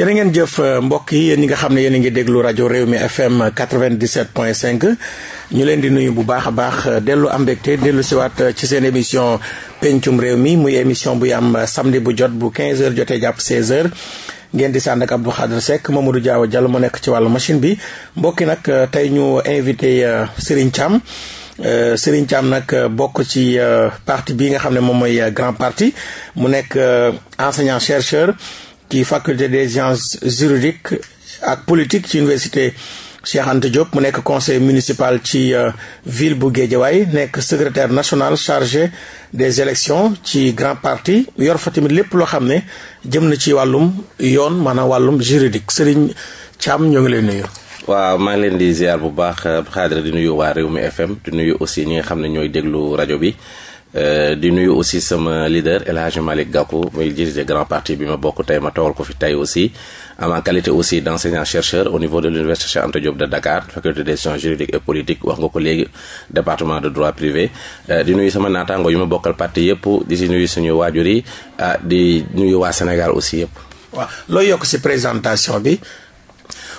jërë ngeen jëf euh, mbokk yi yéen ñi nga xam ne yéen a ngi déglu rajo réew mi FM 97.5 ñu leen di nuyu bu baax a baax euh, dellu am mbégte dellu siwaat euh, ci seen émission pencum réew mi muy émission buy am samedi bu jot bu 15h jotee jàpp 16h. ngeen di sànd ak Abdou moom mu du Diaw Diallo mu nekk ci wàllu machine bi mbokki nag tey ñu invité Serigne Thiam. Uh, Serigne nag bokk ci uh, parti bi nga xam ne moom mooy grand parti mu nekk enseignant chercheur ci faculté des sciences juridiques ak politique ci université Cheikh Anta Diop mu nekk conseil municipal ci euh, ville bu Guédiawaye nekk secrétaire national chargé des élections ci grand parti yor fa tamit lépp loo xam ne jëm na ci wàllum yoon maanaam wàllum juridique Serigne Thiam ñoo ngi lay nuyu. waaw maa ngi leen di ziar bu baax Xaadira euh, di nuyu waa Rewmi FM di nuyu aussi ñi nga xam ne ñooy déglu rajo bi. Euh, di nuyu aussi sama leader El Hadj Malick Gakou muy diriger grand parti bi ma bokk tey ma tawal ko fi tey aussi en ma qualité aussi d' enseignant au niveau de l' université Cheikh Anta Diop de Dakar faculté des sciences juridiques et politiques wax ko léegi département de droit privé. Euh, di nuyu sama naataango yu ma bokkal parti yëpp di si nuyu suñu waajur yi ah, di nuyu waa Sénégal aussi yëpp. waaw yokk si présentation bi.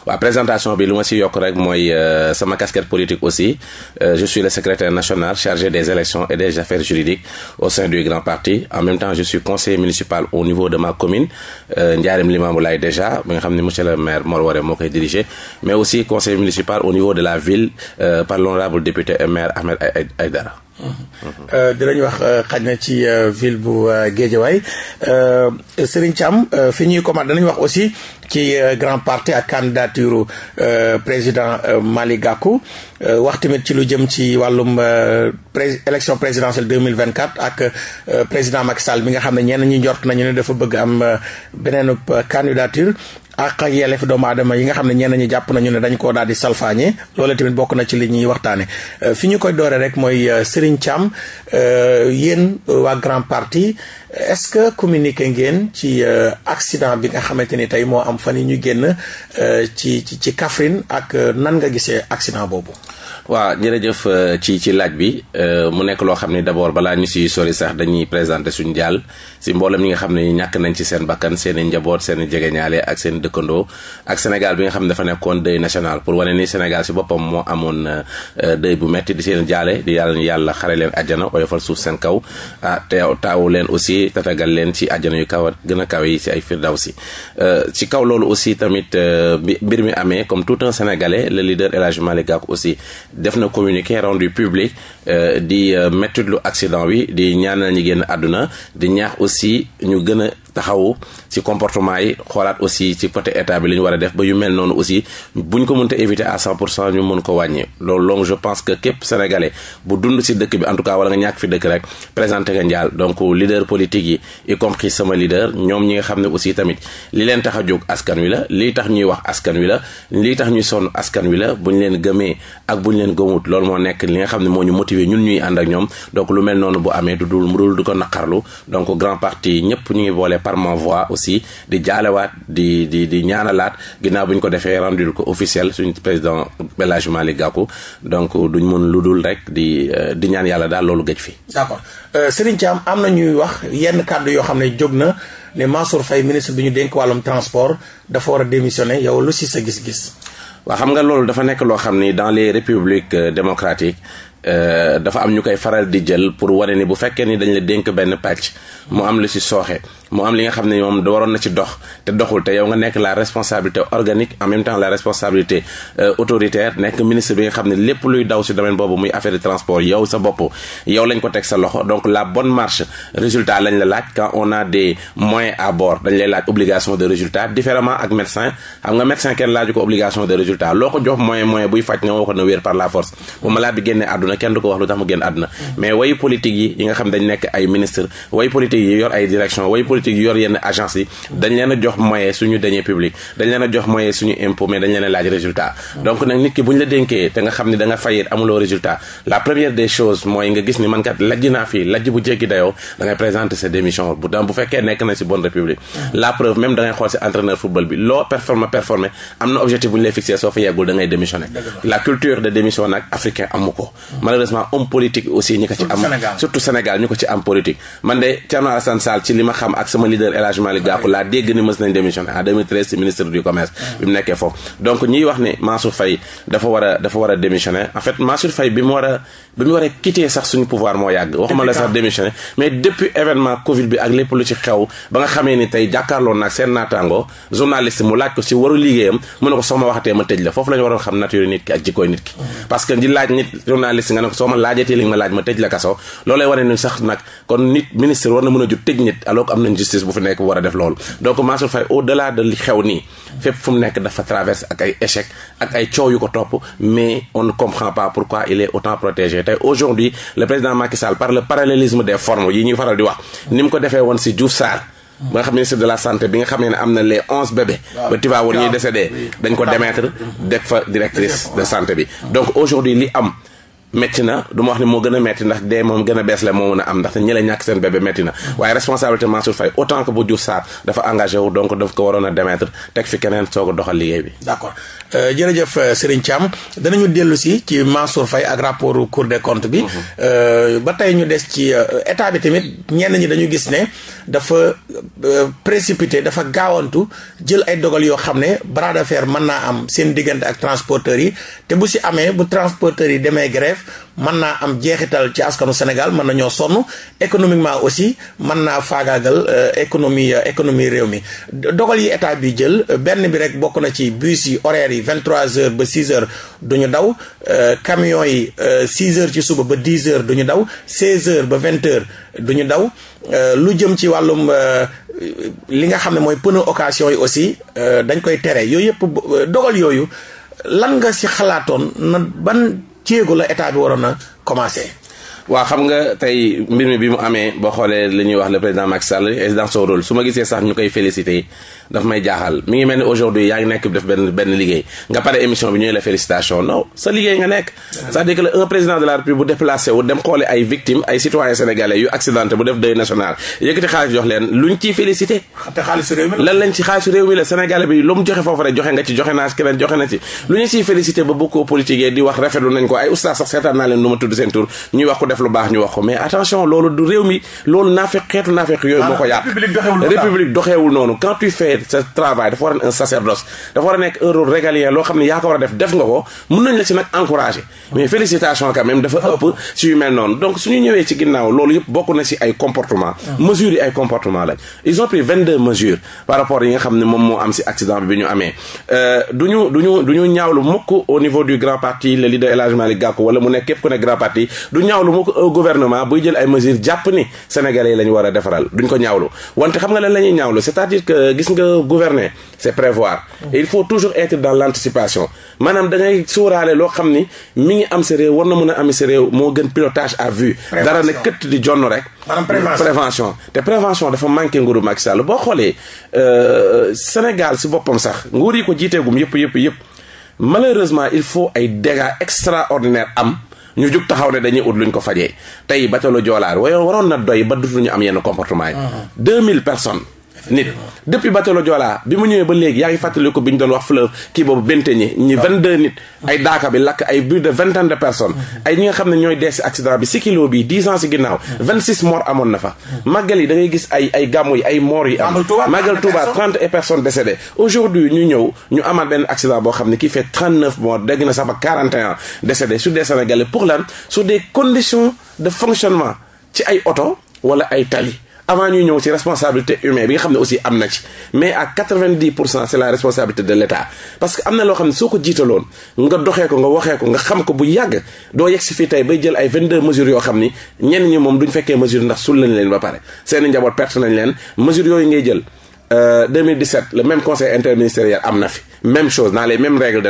waaw présentation bi lu ma si yokk rek mooy euh, sama casquette politique aussi euh, je suis le secrétaire national chargé des élections et des affaires juridiques au sein du grand parti en même temps je suis conseiller municipal au niveau de ma commune euh, Ndiarème Limamoulaye déjà bi nga xam ne monsieur le maire Mor Waré moo koy diriger mais aussi conseiller municipal au niveau de la ville par l'honorable député et maire Ahmed Aïdara Euh, dinañ wax euh, xañ na ci euh, ville bu Guédiawaye Serigne Thiam fi ñuy commencé dinañ wax aussi ci grand parti ak candidature président Malick Gakou wax tamit ci lu jëm ci wàllum pré élection présidentielle 2024 ak président Macky Sall bi nga xam ne ñenn ñi njort nañu ne dafa bëgg am beneen candidature àq ak yelleef doomu aadama yi nga xam ne ñenn ñu jàpp nañu ne dañ koo daal di salfaañe loole tamit bokk na ci li ñuy waxtaane euh, fi ñu koy doore rek mooy euh, Serigne Thiam euh, yéen waa Grand Parti est-ce que communiqué ngeen ci euh, accident bi nga xamante ni tey moo am fan yi ñu génn euh, ci ci ci Kaffrine ak euh, nan nga gisee accident boobu. waaw jërëjëf ci ci laaj bi mu nekk loo xam ne d'abord balaa ñu si sori sax dañuy présenter suñ jàll si mboolem ñi nga xam ne ñàkk nañ ci seen bakkan seen i njaboot seen i ñaale ak seen dëkkandoo ak Sénégal bi nga xam ne dafa nekkoon deuil national pour wane nii Sénégal si boppam moo amoon deuil bu metti di seen jaale di yàlla yàlla xare leen àjjana oyofal suuf seen kaw ah, ci tatagal leen ci àjjana yu kaw gën a kawe yi ci ay firdawsi euh, ci kaw loolu aussi tamit euh, bi mbir mi amee comme tout un sénégalais le leader El Hadj Malick Gakou aussi def na communiqué rendu public euh, di méttiitlu accident bi di ñaanal ñi génn àdduna di ñaax aussi ñu gën taxawu ci comportement yi xoolaat aussi ci côté état bi li ñu war a def ba yu mel noonu aussi buñ ko mënta éviter à 100 pour cent ñu mën ko wàññi loolu loolu je pense que képp sénégalais bu dund ci dëkk bi en tout cas wala nga ñàkk fi dëkk rek présenté nga njaal donc leader politique yi y compris sama leader ñoom ñi nga xam ne aussi tamit li leen tax a jóg askan wi la lii tax ñuy wax askan wi la lii tax ñuy sonn askan wi la buñ leen gëmee ak bu buñ leen gëmut loolu moo nekk li nga xam ne moo ñu motiver ñun ñuy ànd ak ñoom mel noonu bu amee du dul mu dul du ko naqarlu donc grand parti ñëpp ñu ngi boole par ma voix aussi di jaalewaat di di di ñaanalaat ginnaaw bu ñu ko defee rendul ko officielle suñu président El Hadji Malick Gakou donc duñ mën lu dul rek di euh, di ñaan yàlla daal loolu gëj fi. d'accord euh, Serigne Thiam am na ñuy wax yenn kàddu yoo xam ne jóg na ne Mansour fay ministre bi ñu dénk wàllum transport dafa war a démissionner yow lu si sa gis-gis. waa xam nga loolu dafa nekk loo xam ni dans les républiques euh, démocratiques dafa am ñu koy faral di jël pour wane ni bu fekkee ni dañ la dénk benn pàcc mu am lu si sooxe mu am li nga xam ne moom waroon na ci dox te doxul te yow nga nekk la responsabilité organique en même temps la responsabilité euh, autoritaire nekk ministre bi nga xam ne lépp luy daw si domaine boobu muy affaire de transport yow sa bopp yow lañ ko teg sa loxo donc la bonne marche résultat lañ la laaj quand on a des moyens à dañ lay laaj obligation de résultat différemment ak médecin xam nga médecin kenn laaju ko obligation de résultat loo ko politique yor yenn agence yi dañ leen jox moyen suñu deniers mais dañ leen laaj résultat donc nag nit ki bu ñu la dénkee te nga xam ne da nga amuloo résultat la première des choses mooy nga gis ni man kat lajj naa fii lajj bu jéggi dayoo da ngay présenter démission bu bu fekkee nekk na si bonne république la preuve même da xool si entraîneur football bi loo performe performe am na objectif bu ñu lay fixé soo fa yeggul da démission nag ak sama leader El Hadj Malick Gakou laa dégg ni mës nañ démissionné en 2013 ci ministre du commerce bi mu nekkee foofu donc ñiy wax ne Mansour Faye dafa war a dafa war a démissionné en fait Mansour Faye bi mu war a bi sax suñu pouvoir moo yàgg waxuma sax démissionné mais depuis événement Covid bi ak lu ci xew ba nga xamee ni tey jàkkaarloo naag seen naataango journaliste mu laaj ko si waru liggéeyam mu ne ko soo waxatee ma tëj la foofu la waroon xam nature injustice bu fi nekk war a def loolu donc Mansour Faye au delà de li xew nii fépp fu mu nekk dafa traverse ak ay échec ak ay coow yu ko topp mais on ne comprend pas pourquoi il est autant protégé tey aujourd'hui le président Macky Sall par le parallélisme des formes yi ñuy faral di wax ni mu ko defee woon si Diouf Sarr ba nga xam ministre de la santé bi nga xam ne am na les onze bébés ba Tivaouane ñuy décédé dañ ko démettre deg fa directrice de santé métti na du ma wax ne moo gën a métti ndax dee moom gën a bees la moo a am ndax ñi la ñàkk seen bébé métti na waaye responsabilité Mansour Faye autant que bu Diouf Sarr dafa engagé wu donc ko waroon a demetre teg fi keneen soog a doxal liggéey bi d'accord Euh, jërëjëf euh, Serigne Thiam danañu dellu si ci Mansour Faye ak rapport Cour des comptes bi. Mhm. Euh, ba tey ñu des ci état bi tamit ñenn ñi dañu gis ne dafa précipité dafa gaawantu jël ay dogal yoo xam ne bras de fer mën naa am seen diggante ak transporteurs yi te bu si amee bu transporteurs yi demee grève. mën naa am jeexital ci askanu Sénégal mën na ñoo sonn économiquement aussi mën naa faagaagal euh, économie euh, économie réew mi dogal yi état bi jël benn bi rek bokk na ci bus yi horaires yi vingt trois heures ba six heures du ñu daw euh, camions yi six heures ci suba ba dix heures du daw seize heures ba vingt heures du ñu daw lu jëm ci wàllum li nga xam ne mooy pneu occasion yi aussi dañ koy tere yooyu yëpp dogal yooyu lan nga ci xalaatoon na ban jéego la état bi waroon na commencé. waa xam nga tey mbir mi bi mu amee boo xoolee li ñuy wax le président Macky Sall est dans son rôle su ma gisee sax ñu koy félicité daf may jaaxal mi ngi mel ni aujourd'hui yaa ngi nekk def benn benn liggéey nga pare émission bi ñuy la félicitation non sa liggéey nga nekk c'est-à-dire un président de la République bu déplacé wu dem xoole ay victimes ay citoyens sénégalais yu accidenté bu def deuil national yëkkati xaalis jox leen luñ ciy félicité lan lañ ci xaalisu réew mi la sénégalais bi lu mu joxe foofu rek joxe nga ci joxe naa ci keneen joxe na ci lu ñu ciy félicité ba bokkoo politique di wax rafetlu nañ ko ay oustaz sax seetaan naa leen nu ma tudd seen tur ñuy wax ko def lu baax ñu nekk sa travail dafa war a un sacerdoce dafa war a nekk un rôle régalien loo xam ne yaa ko war a def def nga ko mun nañ la ci nag encouragé mais félicitation quand même dafa ëpp si yu mel noonu donc suñu ñëwee ci ginnaaw loolu yëpp bokk na si ay comportement ah. mesures yi ay comportement lañ si accident euh, ñaawlu mukk au niveau du grand parti leader El Hadji Malick Gakou wala mu nekk képp ku nekk grand parti du ñaawlu mukk gouvernement buy jël ay mesures jàpp ni sénégalais yi la ñu war a defaral duñ ko ñaawlu que gouverner c' prévoir il faut toujours être dans l' anticipation maanaam da ngay loo xam ni mi ngi am sa réew war na mun a am sa réew moo gën pilotage à vue dara ne këtt di jonn rek prévention te prévention dafa manqué nguuru Macky Sall boo xoolee euh, Sénégal si boppam sax nguur yi ko jiiteegum yëpp yëpp yëpp malheureusement il faut ay dégâts extraordinaires am ñu jug taxaw ne dañu ut luñ ko fajee tey ba ca lu joolaar wayoon waroon na doy ba dutuñu am yenn comportement yi uh-huh. mille personnes nit depuis bateau Joola bi mu ñëwee ba léegi yaa ngi fàttali ko bi ñu doon wax fleuve kii boobu Benteñe ñi vingt nit ay daaka bi lakk ay plus de vingtaine de personnes ay ñi nga xam ne ñooy dee ci accident bi si kilo bi dix ans si ginnaaw vingt six morts amoon na fa màggal yi da ngay gis ay ay gàmmu yi ay morts yi am màggal Touba trente et personnes décédées aujourd'hui ñu ñëw ñu amaat benn accident boo xam ne kii fait trente neuf morts dégg na sax ba quarante et un décédés sur des Sénégalais pour lan sur des conditions de fonctionnement ay oto wala ay tali avant ñuy ñëw ci responsabilité humaine bi nga xam ne aussi am na ci mais à 90 pour cent c'est la responsabilité de l'État parce que am na loo xam ne soo ko jiitaloon nga doxee ko nga waxee ko nga xam ko bu yàgg doo yegg si fii tey bay jël ay 22 mesures yoo xam ni ñenn ñi moom duñ fekkee mesure ndax sul lañ leen ba pare seen njaboot perte nañ leen mesures yooyu ngay jël 2017 euh, le même conseil interministériel am na fi même chose dans les mêmes règles de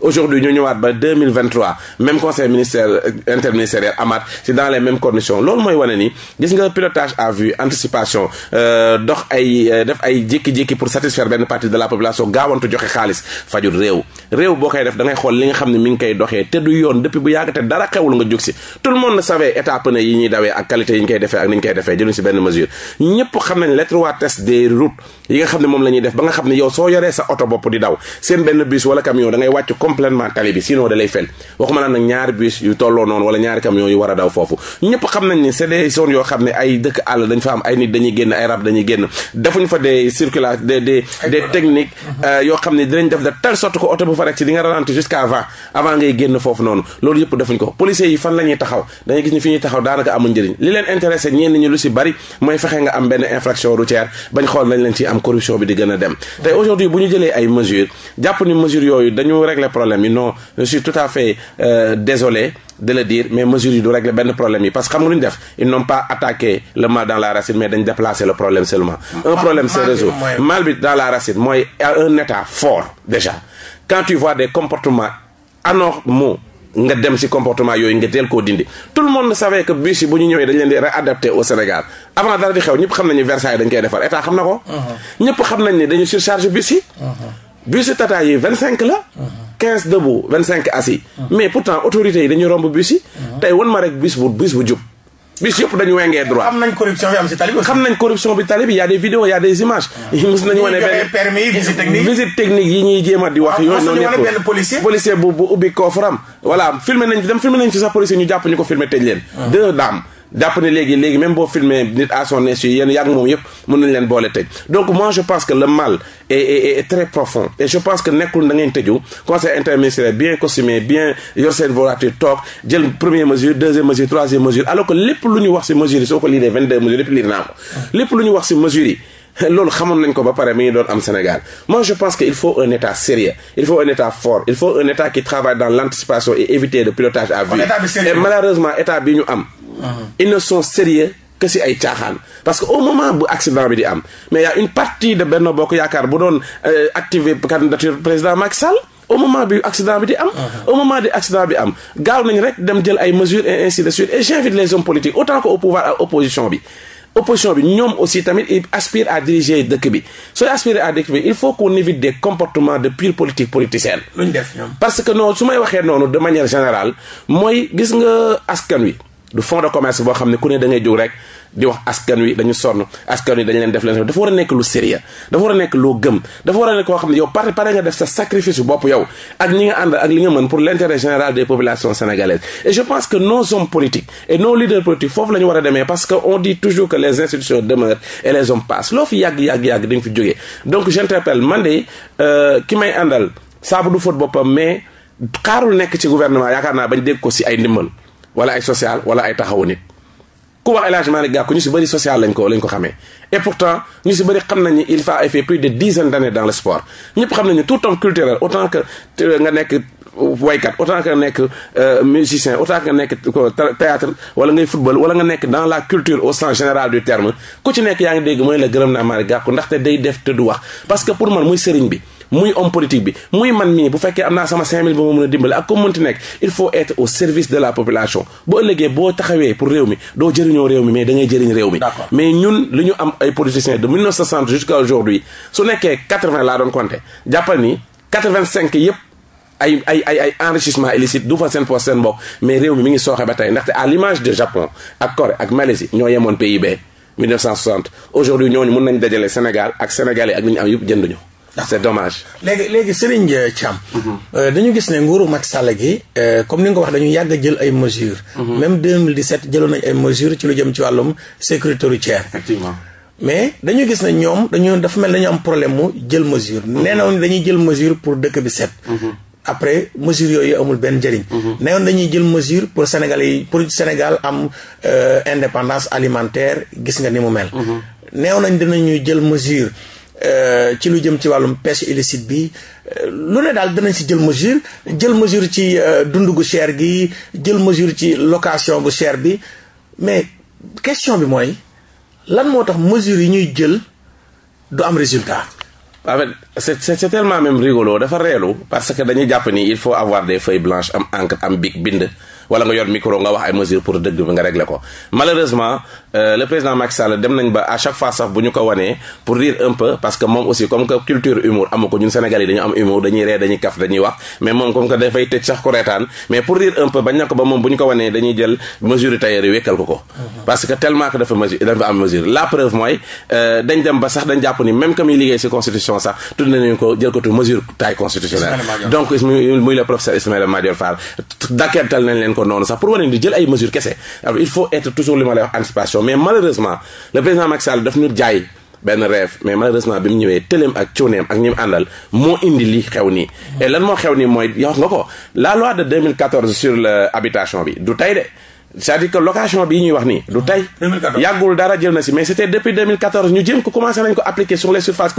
aujourd'hui ñu ñëwaat ba 2023 même conseil ministère euh, interministériel amaat ci dans les mêmes conditions loolu mooy wane ni gis nga pilotage à vue anticipation euh, dox ay euh, def ay jékki-jékki pour satisfaire benn partie de la population gaawantu joxe xaalis fajul réew réew boo koy def da xool li nga xam ne mi ngi koy doxee te du yoon depuis bu yàgg te dara xewul nga jóg si tout le monde savait état pneu yi ñuy dawee ak qualité yi ñu koy defee ak ni koy defee nga xam ne moom la ñuy def ba nga xam ne yow soo yoree sa oto bopp di complètement tali bi sinon da lay fen waxuma la nag ñaari bus yu tolloo noonu wala ñaari camion yu war daw foofu ñëpp xam nañ ni c'est yoo xam ne ay dëkk àll dañ fa am ay li leen intéressé ñenn ñi lu si bari mooy fexe nga am benn infraction routière bañ xool nañ leen ci am corruption bi di gën dem tey aujourd'hui bu ñu jëlee ay mesures jàpp ni mesures yooyu dañu régler problème yi non je suis tout à fait euh, désolé de le dire mais mesures du régler benn problème yi parce que xam nga lu ñu def ils n'ont pas attaqué le mal dans la racine mais dañ déplacer le problème seulement un problème se résout mal bi dans la racine mooy un état fort déjà quand tu vois des comportements anormaux nga dem ci comportement yooyu nga teel koo dindi tout le monde savait que bus yi bu ñu ñëwee dañ leen di au Sénégal avant dara di xew ñëpp koy defar état xam na uh-huh. uh-huh. la uh-huh. quinze debout vingt cinq assis ah. mais pourtant autorités yi dañuy romb bus yi ah. tey wan ma rek bu bus bu jub bis yëpp dañu wengee droit xam nañ corruption bi am ci tali bi xam nañ corruption bi ah. technique yi ñuy jéem di wax yooyu noonu policier policier bu bu ubbi koofaram voilà filmé nañ dem filmé nañ ci sax policier ñu jàpp ñu ko filmé tëj leen deux jàpp ne léegi léegi même boo filmé nit à son insu yéen yàgg moom yëpp mën nañ leen boole tëj donc moi je pense que la mal est est, est très profond et je pense que nekkul da ngeen tëju conseil interministériel bien costumé bien yor seen voiture toog jël première mesure deuxième mesure troisième mesure alors que lépp lu ñu wax ci mesure yi soo ko liiree 22 mesures lépp liir naa ko lépp lu ñu wax ci mesure yi xamoon nañ ko ba pare mi ngi doon am Sénégal moi je pense que il faut un état sérieux il faut un état fort il faut état bi ñu am ils ne sont sérieux que si ay caaxaan parce que au moment bu accident bi di am mais y a une partie de Benno Bokk Yaakaar bu doon euh, activer candidature président Macky Sall au moment bi accident bi di am au moment di bi am gaaw nañ rek dem jël ay mesures et ainsi de suite et j'invite les hommes politiques autant que au pouvoir ak opposition bi opposition bi ñoom aussi tamit il aspire à dëkk bi sooy aspirer à dëkk il faut qu'on évite des comportements de pure politique politicienne luñ def ñoom parce que non su may waxee noonu générale mooy gis nga askan wi du fond de commerce boo xam ne ku ne da ngay jóg rek di wax askan wi dañu sonn askan wi dañu leen def leen dafa nekk lu sérieux dafa war a nekk loo gëm dafa war a nekk koo xam ne yow pare pare nga def sa sacrifice bopp yow ak ñi nga ànd ak li nga mën pour l'intérêt général des populations sénégalaises et je pense que a demee parce que on dit toujours que les institutions demeurent et les hommes passent loo fi yàgg yàgg yàgg dañ fi jógee donc j'interpelle man de euh, ki may àndal saabu du fóot boppam mais xaarul nekk ci gouvernement yaakaar naa bañ dégg ko si ay ndimbal wala ay social wala ay taxawu nit ku wax El Hadj Malick Gakou ñu si bëri social lañ ko lañ ko xamee et pourtant ñu si bëri xam nañu il fa a fait plus de dizaines d'années dans le sport ñëpp xam nañu tout homme culturel autant que euh, nga nekk waykat autant que nga nekk euh, musicien autant que nga nekk euh, théâtre wala ngay football wala nga nekk dans la culture au sens général du terme ku ci nekk yaa ngi dégg mooy la gërëm naa Malick Gakou ndaxte day def te du wax parce que pour bi muy homme politique bi muy man mii bu fekkee am naa sama 5000 ba ma mën a dimbale ak comme mënti nekk il faut être au service de la population bu ëllëgee boo taxawee pour réew mi doo jëriñoo réew mi mais da ngay jëriñ réew mi mais ñun li ñu am ay politiciens de 1960 jusqu'à aujourd'hui su nekkee 80 laa doon compter jàppal ni 85 ay ay ay ay enrichissement illicite du mbokk mais réew mi mi ngi sooxe ba tey ndaxte à l'image de Japon ak Corée ak Malaisie ñoo yemoon PIB 1960 aujourd'hui ñoo mën nañ dajale Sénégal ak sénégalais ak li ñu am yëpp c'est dommage. léegi léegi Serigne euh, Thiam. Mm-hmm. Euh, dañu gis ne nguuru Macky Sall gi euh, comme ni nga ko wax dañu yàgg jël ay mesures. Mm-hmm. même 2017 jëloon nañ ay mesures ci lu jëm ci wàllum sécurité routière. mais dañu gis ne ñoom dañu dafa mel dañu am problème mu jël mesure. Mm-hmm. nee na woon dañuy jël mesure pour dëkk bi set. après mesure yooyu amul benn njëriñ. ne woon dañuy jël mesure pour Sénégal yi pour Sénégal am indépendance alimentaire gis nga ni mu mel. neew nañ dinañu jël mesure. Euh, ci lu jëm ci wàllum pêche illicite bi euh, lu ne daal danañ si jël mesure jël mesure ci euh, dund gu cher gi jël mesure ci location bu cher bi mais question bi mooy lan moo tax mesure yi ñuy jël du am résultat. en fait c'est c'est tellement même rigolo dafa reelu parce que dañuy jàpp ni il faut avoir des feuilles blanches am encre am bic bind. wala nga yor micro nga wax ay mesures pour dëgg bi nga régler ko malheureusement euh, le président Macky Sall dem nañ ba à chaque fois sax bu ñu ko wanee pour dire un peu parce que moom aussi comme que culture humour amu ñun Sénégal yi dañu am humour dañuy ree dañuy kaf dañuy wax mais moom comme que dafay tëj sax ku reetaan mais pour dire un peu bañ na ko ba moom bu ñu ko wanee dañuy jël mesure tailleur yi ko ko mhm. parce que tellement que dafa mesure ko noonu sax pour wane ni jël ay mesures kese alors ah, il faut être toujours li ma lay wax anticipation mais malheureusement le président Macky Sall daf ñu jaay benn rêve mais malheureusement bi mu ñëwee tëleem ak cuuneem ak ñi àndal moo indi li xew nii. et lan moo xew nii mooy yow nga ko la loi de 2014 sur l'habitation bi du tey de. c'est-à-dire que location bii ñuy wax nii du tey yàggul dara jël na si mais c'était depuis 2014 ñu jéem ko commencé nañ ko appliquer sur les surfaces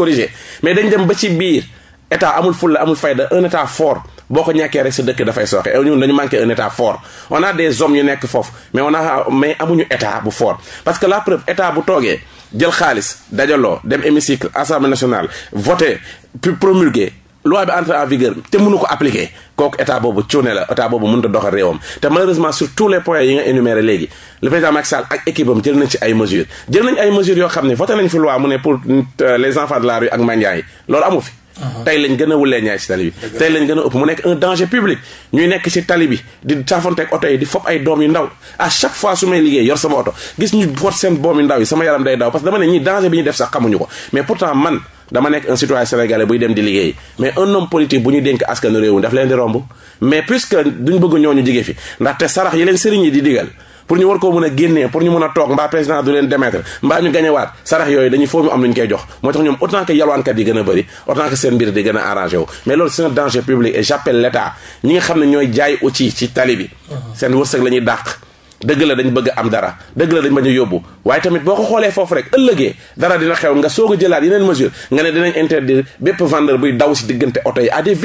mais dañ dem ba ci biir état amul fulla amul fayda un état fort boo ko ñàkkee rek si dëkk dafay soo et eh, ñun dañu manqué un état fort on a des hommes ñu nekk foofu mais on a mais amuñu état bu fort parce que la preuve état bu toogee jël xaalis dajaloo dem hémicycle assemblée nationale voté puis promulgué loi bi entre en te mënu ko appliquer kooku état boobu cuune la état boobu mënut a doxal réewam te malheureusement sur tous les points yi nga énuméré léegi le président Macky Sall ak équipe jël nañ ci ay mesures jël nañ ay mesures yoo xam ne voté nañ fi loi mu pour euh, les enfants la rue ak mandiaa loolu amu fi Uh-huh. tey lañ gën a wulee ñaay si tali bi tey lañ gën a ëpp mu nekk un danger public ñuy nekk si tali bi di saafonteeg oto yi di fop ay doom yu ndaw à chaque fois su may liggéey yor sama oto gis ñu fot seen boom yu ndaw yi sama yaram day daw parce que dama ne ñi danger bi ñu def sax xamuñu ko mais pourtant man dama nekk un citoyen sénégalais buy dem di liggéey mais un homme politique bu ñu dénk askanu réew mi daf leen di romb mais puisque duñ bëgg ñooñu jige fi ndaxte sarax yi leen sëriñ yi di digal pour ñu war koo mën a génnee pour ñu mën a toog mbaa président du leen démettre mbaa ñu gañewaat sarax yooyu dañuy foo mu am lu ñu koy jox moo tax ñoom autant que yalwaankat yi gën a bëri autant que seen mbir di gën a arrangé mais loolu c'est danger public et j'appelle l'État ñi nga xam ne ñooy jaay outil ci tali bi uh-huh. seen wërsëg la dàq dëgg la dañu bëgg am dara dëgg la dañ bañ a yóbbu waaye tamit boo ko xoolee foofu rek ëllëgee dara dina xew nga soog a jëlaat yeneen mesure nga ne dinañ interdire bépp vendeur buy daw si diggante oto yi à des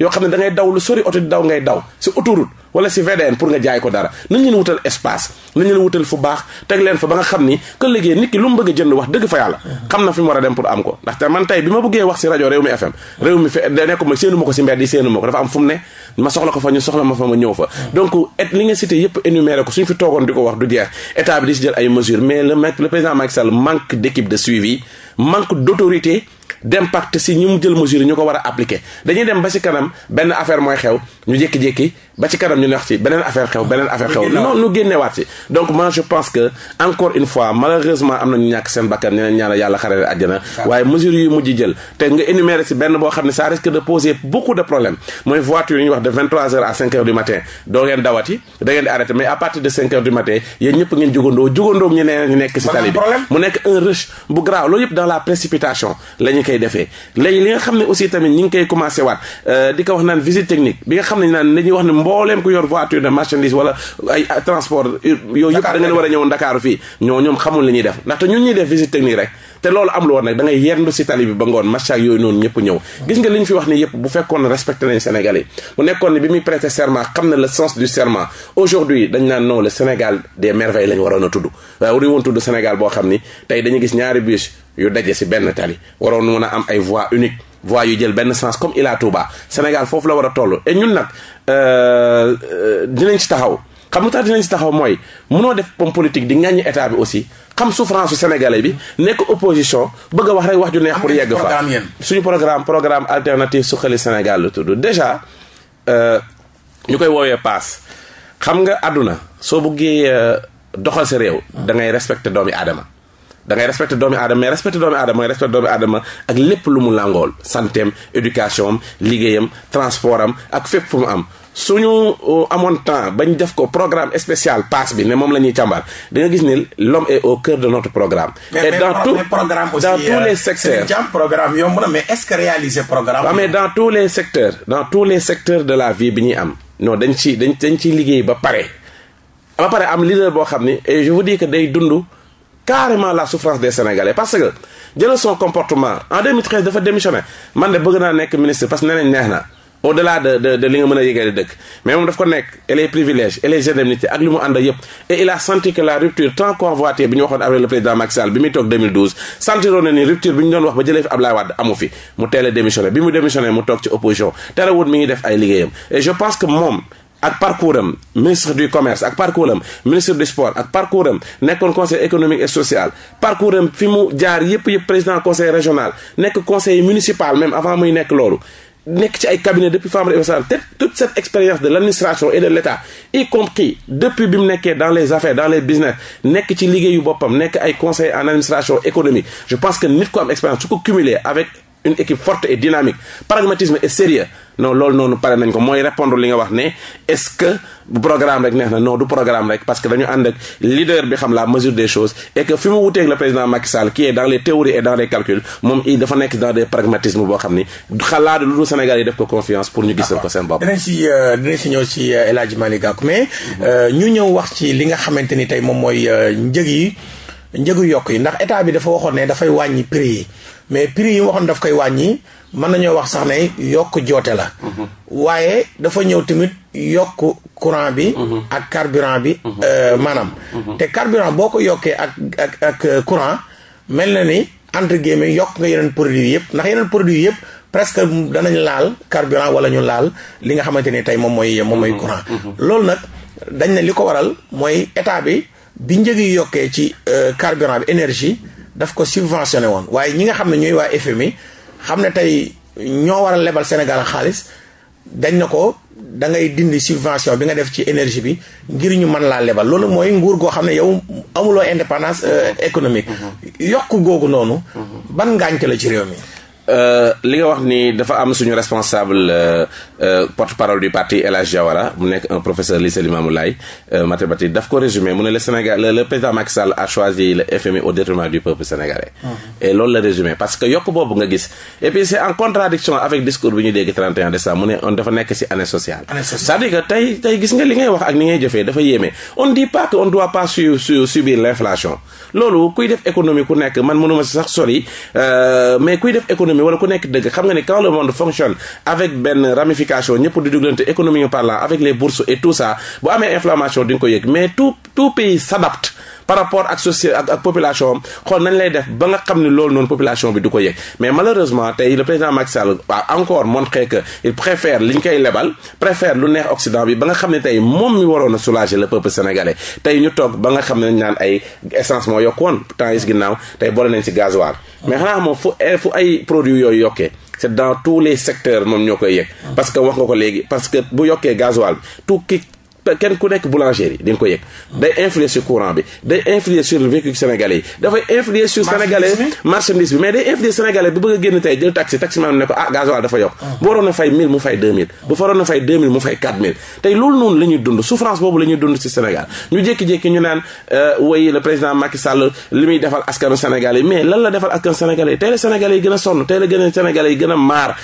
yoo xam ne da daw lu sori oto di daw ngay daw si autoroute wala si VDN pour nga jaay ko dara nañ leen wutal espace nañ leen wutal fu baax teg leen fa ba nga xam ni ëllëgee nit ki lu mu bëgg jënd wax dëgg fa yàlla xam a dem pour am ko ndaxte man bi ma bëggee wax si rajo réew mi FM réew mi fe da nekku ma séenu ma ko ma ko dafa am fa ñu soxla nga cité yëpp énuméré ko ñu fi toogoon di ko wax du jeex état bi di si jël ay mesures mais le mec le président Macky Sall manque d' équipe de suivi manque d' autorité d' impact si ñu mu jël mesures yi ñu ko war a appliquer dañuy dem ba si kanam benn affaire mooy xew ñu jékki-jékki. ba ci kanam ñu neex ci beneen affaire xew beneen affaire xew non nu génnewaat ci donc moi je pense que encore une fois malheureusement am na ñu ñàkk seen bakkan ñeneen ñaanal yàlla xarale àjjana ah. waaye mesures yu mujj jël te nga énuméré ci benn boo xam ne ça risque de poser beaucoup de problèmes mooy voiture yi ñuy wax de 23 heures à 5 heures du matin doo ngeen dawati da di arrêté mais à partir de 5 heures du matin yéen ñëpp ngeen mbooleem ku yor voiture de marchandise wala ay transport yooyu yëpp da ngeen war a ñëw ndakaaru fii ñoo ñoom xamul li ñuy def ndaxte ñun ñuy def visite technique rek te loolu am lu woon nag da ngay yendu si tali bi ba ngoon macha yooyu noonu ñëpp ñëw gis nga li ñu fi wax ni yëpp bu fekkoon respecté nañ Sénégalais yi bu nekkoon ne bi muy prêter serment xam na le sens du serment aujourd'hui dañ naan non Sénégal des merveilles lañ waroon a tudd waaw waruñu woon tudd Sénégal boo xam ni tey dañu gis ñaari bus yu daje si benn tali waroon mën a am ay voies voie yu jël benn sance comme Ila Touba Sénégal foofu la war a toll et ñun nag euh, dinañ ci taxaw xam nga tax dinañ ci taxaw mooy mënoo def pomme politique di ŋàññi état bi aussi xam souffrance su sénégalais bi nekk opposition bëgg a wax rek wax ju neex pour yegg fa suñu programme programme alternative suqali Sénégal la tudd déjà euh, ñu koy woowee paas xam nga àdduna soo bëggee euh, doxal sa réew da ngay respecter doomi aadama dangay ngay respecté doomi aadama mais respecté doomi aadama mooy respecté doomi ak lépp lu mu làngool santeem éducation am liggéeyam transport am ak fépp fu am suñu euh, amoon temps bañ def ko programme spécial pass bi ne moom la ñuy càmbar da nga gis ni l'homme est au cœur de mais mais dans tout dans tous euh, les secteurs. programme yomb na mais est-ce que réaliser programme. les secteurs dans tous les secteurs de la vie bi ñuy am no dañ ci dañ dañ ciy liggéey ba pare ba pare am leader boo xam ni et je vous dis que day dund. carrément la souffrance des sénégalais parce que jëlal son comportement en 2013 dafa démissionné man de bëgg naa nekk ministre parce que nee nañ neex na au delà de de de li nga mën a yëgale dëkk mais moom daf ko nekk et les privilèges et ak li mu ànd yëpp et il a que la rupture tant bi ñu waxoon avec le président Macky bi muy toog 2012 ni rupture bi ñu doon wax ba jëlee fi Ablaye Wade amu fi mu teel ak parcours am ministre du commerce ak parcours am ministre du sport ak parcours am nekkoon conseil économique et social parcours am fi mu jaar yëpp yëpp président conseil régional nekk conseil municipal même avant muy nekk loolu nekk ci ay cabinet depuis Famara Ibrahima Sall te toute cette expérience de l'administration et de l'État y compris depuis bi mu nekkee dans les affaires dans les business nekk ci liggéeyu boppam nekk ay conseil en administration économique je pense que nit ko une équipe forte et dynamique pragmatisme et sérieux non loolu noonu pare nañ ko mooy répondre li nga wax ne est-ce que programme rek neex na non du programme rek parce que dañu ànd ak leader bi xam la mesure des choses et que fi mu wuteeg le président Macky Sall qui est dans les théories et dans les calculs moom i dafa nekk dans des pragmatismes boo xam ni xalaat lu dul Sénégal yi def ko confiance pour ñu gisal ko seen bopp. dinañ si euh, dinañ ñëw si euh, El Hadj Malick Gakou euh, ñu ñëw wax ci li nga xamante ni tey moom mooy njëg yi njëgu yokk yi ndax état bi dafa waxoon ne dafay wàññi prix yi. mais prix yi waxoon daf koy wàññi mën nañoo wax sax ne yokk joote la. Mhm. waaye dafa ñëw tamit yokk courant bi. Mhm. ak carburant bi. Mhm. Euh, maanaam. te carburant boo ko yokkee ak ak ak euh, courant mel na ni entre guillemets yokk nga yeneen produit yëpp ndax yeneen produit yëpp. presque danañ laal carburant wala ñu laal li nga xamante ni tey moom mooy moom mooy courant loolu nag dañ ne li ko waral mooy état bi bi njëg yokkee ci euh, carburant bi énergie daf ko subventionné woon waaye ñi nga xam ne ñooy waa FMI xam ne tey ñoo war a lebal Sénégal xaalis dañ na ko da ngay dindi subvention bi nga def ci énergie bi ngir ñu mën laa lebal loolu mooy nguur goo xam ne yow amuloo indépendance euh, économique mm-hmm. yokk googu noonu mm-hmm. ban ngaañte la ci réew mi Euh, li nga wax ni dafa am suñu responsable euh, euh, porte-parole du parti El Hadj Diawara mu nekk un professeur lycée Limamou Laye mathématique daf ko résumé mu ne le Sénégal le président Macky Sall a choisi le FMI au détriment du peuple sénégalais. Mmh. et loolu la résumé parce que yokk boobu nga gis et puis c'est en contradiction avec discours bi ñu dégg 31 décembre mu ne on dafa nekk ci année sociale. année dire que tey gis nga li ngay wax ak ni ngay jëfee dafa yéeme on dit kuy def économie ku nekk man mënuma ci sax sori économie wala ku nekk dëgg xam nga ni quand le monde fonctionne avec benn ramification ñëpp di dugalante économie parlant avec les bourses et tout ça bu amee inflammation di nga ko yëg mais tout tout pays s'adapte par rapport ak société ak population am xool nañ lay def ba nga xam ne loolu noonu population bi du ko yëg mais malheureusement tey le président Macky a encore montré que il préfère li koy lebal préfère lu neex Occident bi ba nga xam ne tey moom mi waroon a soulager le peuple sénégalais tey ñu toog ba nga xam ne naan ay essence moo yokk woon temps yi ginnaaw tey boole nañ si gasoil mais xanaa moom fu eh, fu ay produits yooyu yokkee c'est dans tous les secteurs moom ñoo koy yëg parce que wax nga ko léegi parce que bu yokkee gasoil tout ki kenn ku nekk boulangerie yi di ko yëg day influer sur courant bi day influer sur le vécu sénégalais yi dafay influer sur sénégalais marchandise bi mais day influer sénégalais bu bëgg a génn tey jël taxi taxi man ne ko ah gasoil dafa yokk ah. bu waroon a fay 1000 mu fay 2000 bu faroon a fay 2000 mu fay 4000 tey loolu noonu la ñuy dund souffrance boobu la ñuy dund ci Sénégal ñu jékki-jékki ñu naan woy euh, le président Macky Sall li muy defal askanu sénégalais mais lan la defal askanu sénégalais tey la sénégalais yi gën a sonn tey la gën a sénégalais yi gën a maar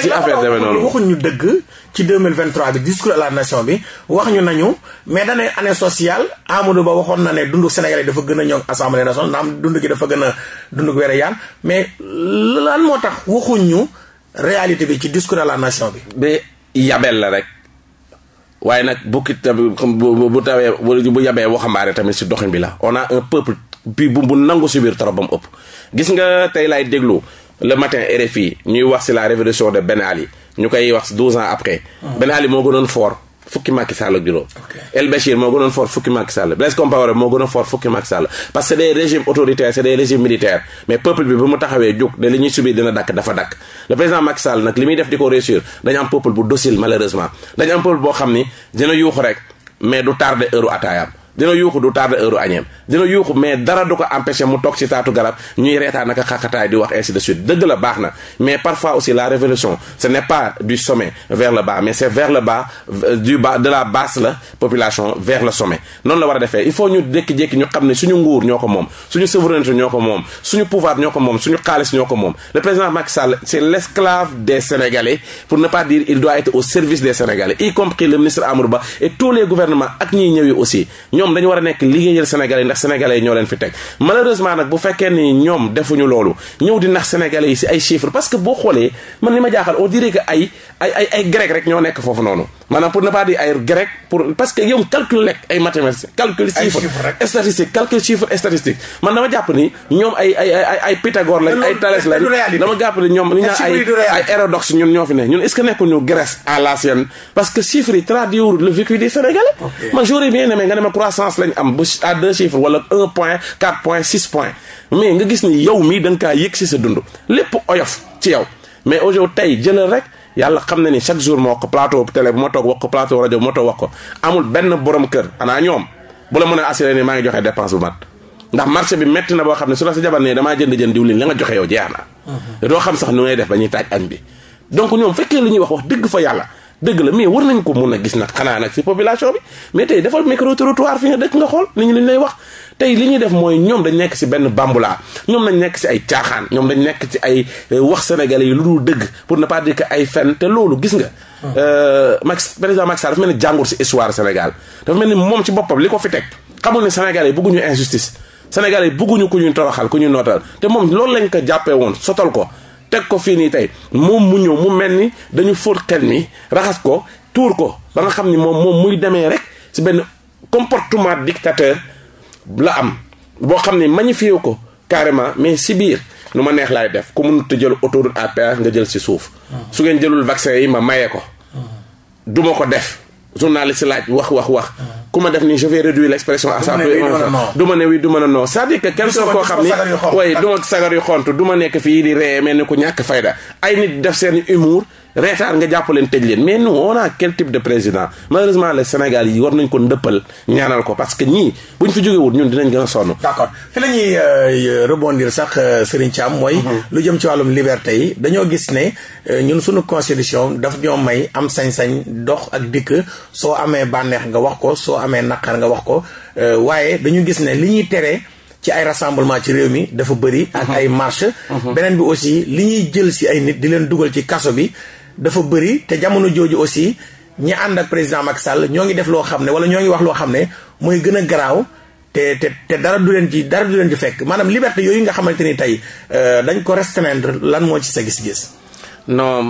ci affaire demee noonu waxuñu dëgg ci 2023 bi discours à la nation bi wax ñu nañu mais danee année sociale Amadou Ba waxoon na ne dundu Sénégal yi dafa gën a ñoŋ assemblée nationale naam dund gi dafa gën a dund wér yaan mais lan moo tax waxuñ ñu réalité bi ci discours à la nation bi. mais yabel la rek waaye nag bukkit tamit bu bu tawee bu yabee waxambaane tamit si doxin bi la on a un peuple bi bu nangu si biir trop ba mu ëpp. gis nga tey laay déglu le matin fii ñuy wax si la révolution de Ben Ali ñu koy wax douze ans après. Ah. Ben Ali moo gënoon fort fukki Macky Sall ak juróom. El Bachir moo gënoon fort fukki Macky moo gënoon fort fukki Macky Sall parce que c'est des régimes autoritaires c'est des régimes militaires mais peuple bi bu mu taxawee jóg de li ñuy subir dina dakk dafa dakk le président Macky Sall nag li muy def di ko réussir dañu am peuple bu docile malheureusement dañu am peuple boo xam ni dina yuuxu rek mais du tardé heure ataayam. dina yuuxu du tardé heure añeem dina yuuxu mais dara du ko empêché mu toog ci taatu garab ñuy reetaan naka xaqataay di wax ainsi de suite dëgg la baax na mais parfois aussi la révolution ce n'est pas du sommet vers le bas mais c'est vers le bas euh, du bas de la basse la population vers le sommet noonu la war a defee il faut ñu jékki-jékki ñu xam ne suñu nguur ñoo ko moom suñu souveraineté ñoo ko moom ñu pouvoir ñoo ko moom suñu xaalis ñoo ko moom le président Macky Sall c'est l'esclave des Sénégalais pour ne pas dire il doit être au les gouvernements ak ñiy ñëwi aussi ñoom dañu war a nekk liggéeyal sénégalais ndax sénégalais yi ñoo leen fi teg malheureusement nag bu fekkee ni ñoom defuñu loolu ñëw di nax sénégalais yi si ay chiffres parce que boo xoolee man li ma jaaxal on dirait que ay ay ay ay grec rek ñoo nekk foofu noonu maanaam pour ne pas dire ay grec pour parce que yow ñoo fi ne ñun est ce que nekku ñu Grèce à l'ancienne parce que chiffres yi mais nga gis ni yow mii da nga kaa yëg si sa dund lépp oyof ci yow mais aujourd'hui tey jëlal rek yàlla xam na ni chaque jour ma wax ko plateau télé bu ma toog wax ko plateau rajo bu ma toog wax ko amul benn borom kër anaa ñoom bu la mën a assuré ni maa ngi joxe dépense bu mat ndax marché bi metti na boo xam ne su la sa jabar ne damaa jënd jënd diwlin la nga joxe yow jeex na. Mhm. doo xam sax nu ngay def ba ñuy taaj añ bi donc ñoom fekkee li ñuy wax wax dëgg fa yàlla dëgg la mais war nañ ko mun a gis nag xanaa nag si population bi mais tey defal micro trottoir fi nga dëkk nga xool li ñu li lay wax tey li ñuy def mooy ñoom dañ nekk si benn bambulaa ñoom dañ nekk si ay caaxaan ñoom dañ nekk ci ay eh, wax sénégalais yi lu dul dëgg pour ne pas dire ay fen te loolu gis nga ah. euh, Max président Macky Sall dafa mel ni jàngur si histoire Sénégal dafa mel ni moom ci boppam li ko fi teg xamul ne sénégalais yi bëgguñu injustice sénégalais yi bëgguñu ku ñu toroxal ku ñu nootal te moom loolu lañ ko jàppee woon sotal ko teg ko fii nii tey moom mu ñëw mu mel ni dañu fóot xel mi raxas ko tuur ko ba nga xam ni moom moom muy demee rek si benn comportement dictateur la am boo xam ni magnifié ko carrément mais si biir nu ma neex laay def ku mënut a jël autoroute à péage nga jël si suuf. Ah. su ngeen jëlul vaccin yi ma mayee ko. Ah. duma ko def si laaj wax wax wax. Ah. kuma def nii je vais réduire l' expression ma ne oui du ma ne non c'est-à-dire xam ni way du ma sagar yu xont du ma nekk fii di ree mel ni ku ñàkk fayda ay nit def seen humour reetaan nga jàpp leen tëj leen mais nous on a quel type de président malheureusement le Sénégal yi war nañ ko ndëppal ñaanal ko parce que ñii buñ fi jógewut ñun dinañ gën a sonn. d'accord fi la ñuy euh, rebondir sax ci euh, am mooy. Mhm. lu jëm ci wàllum liberté yi dañoo gis ne euh, ñun suñu constitution daf ñoo may am sañ-sañ dox ak dikk soo amee bànneex nga wax ko soo amee naqar nga wax ko waaye dañu gis ne li ñuy tere. ci ay rassemblement ci réew mi dafa bëri. ak mhm. ay marche mhm. beneen bi aussi li ñuy jël si ay nit di leen dugal ci kaso bi. dafa bëri te jamono jooju aussi ñi ànd ak président Macky Sall ñoo ngi def loo xam ne wala ñoo ngi wax loo xam ne mooy gën a garaaw te te te dara du leen ci dara du leen ci fekk maanaam liberté yooyu nga xamante ni tey euh, dañ ko restreindre lan moo ci sa gis-gis. non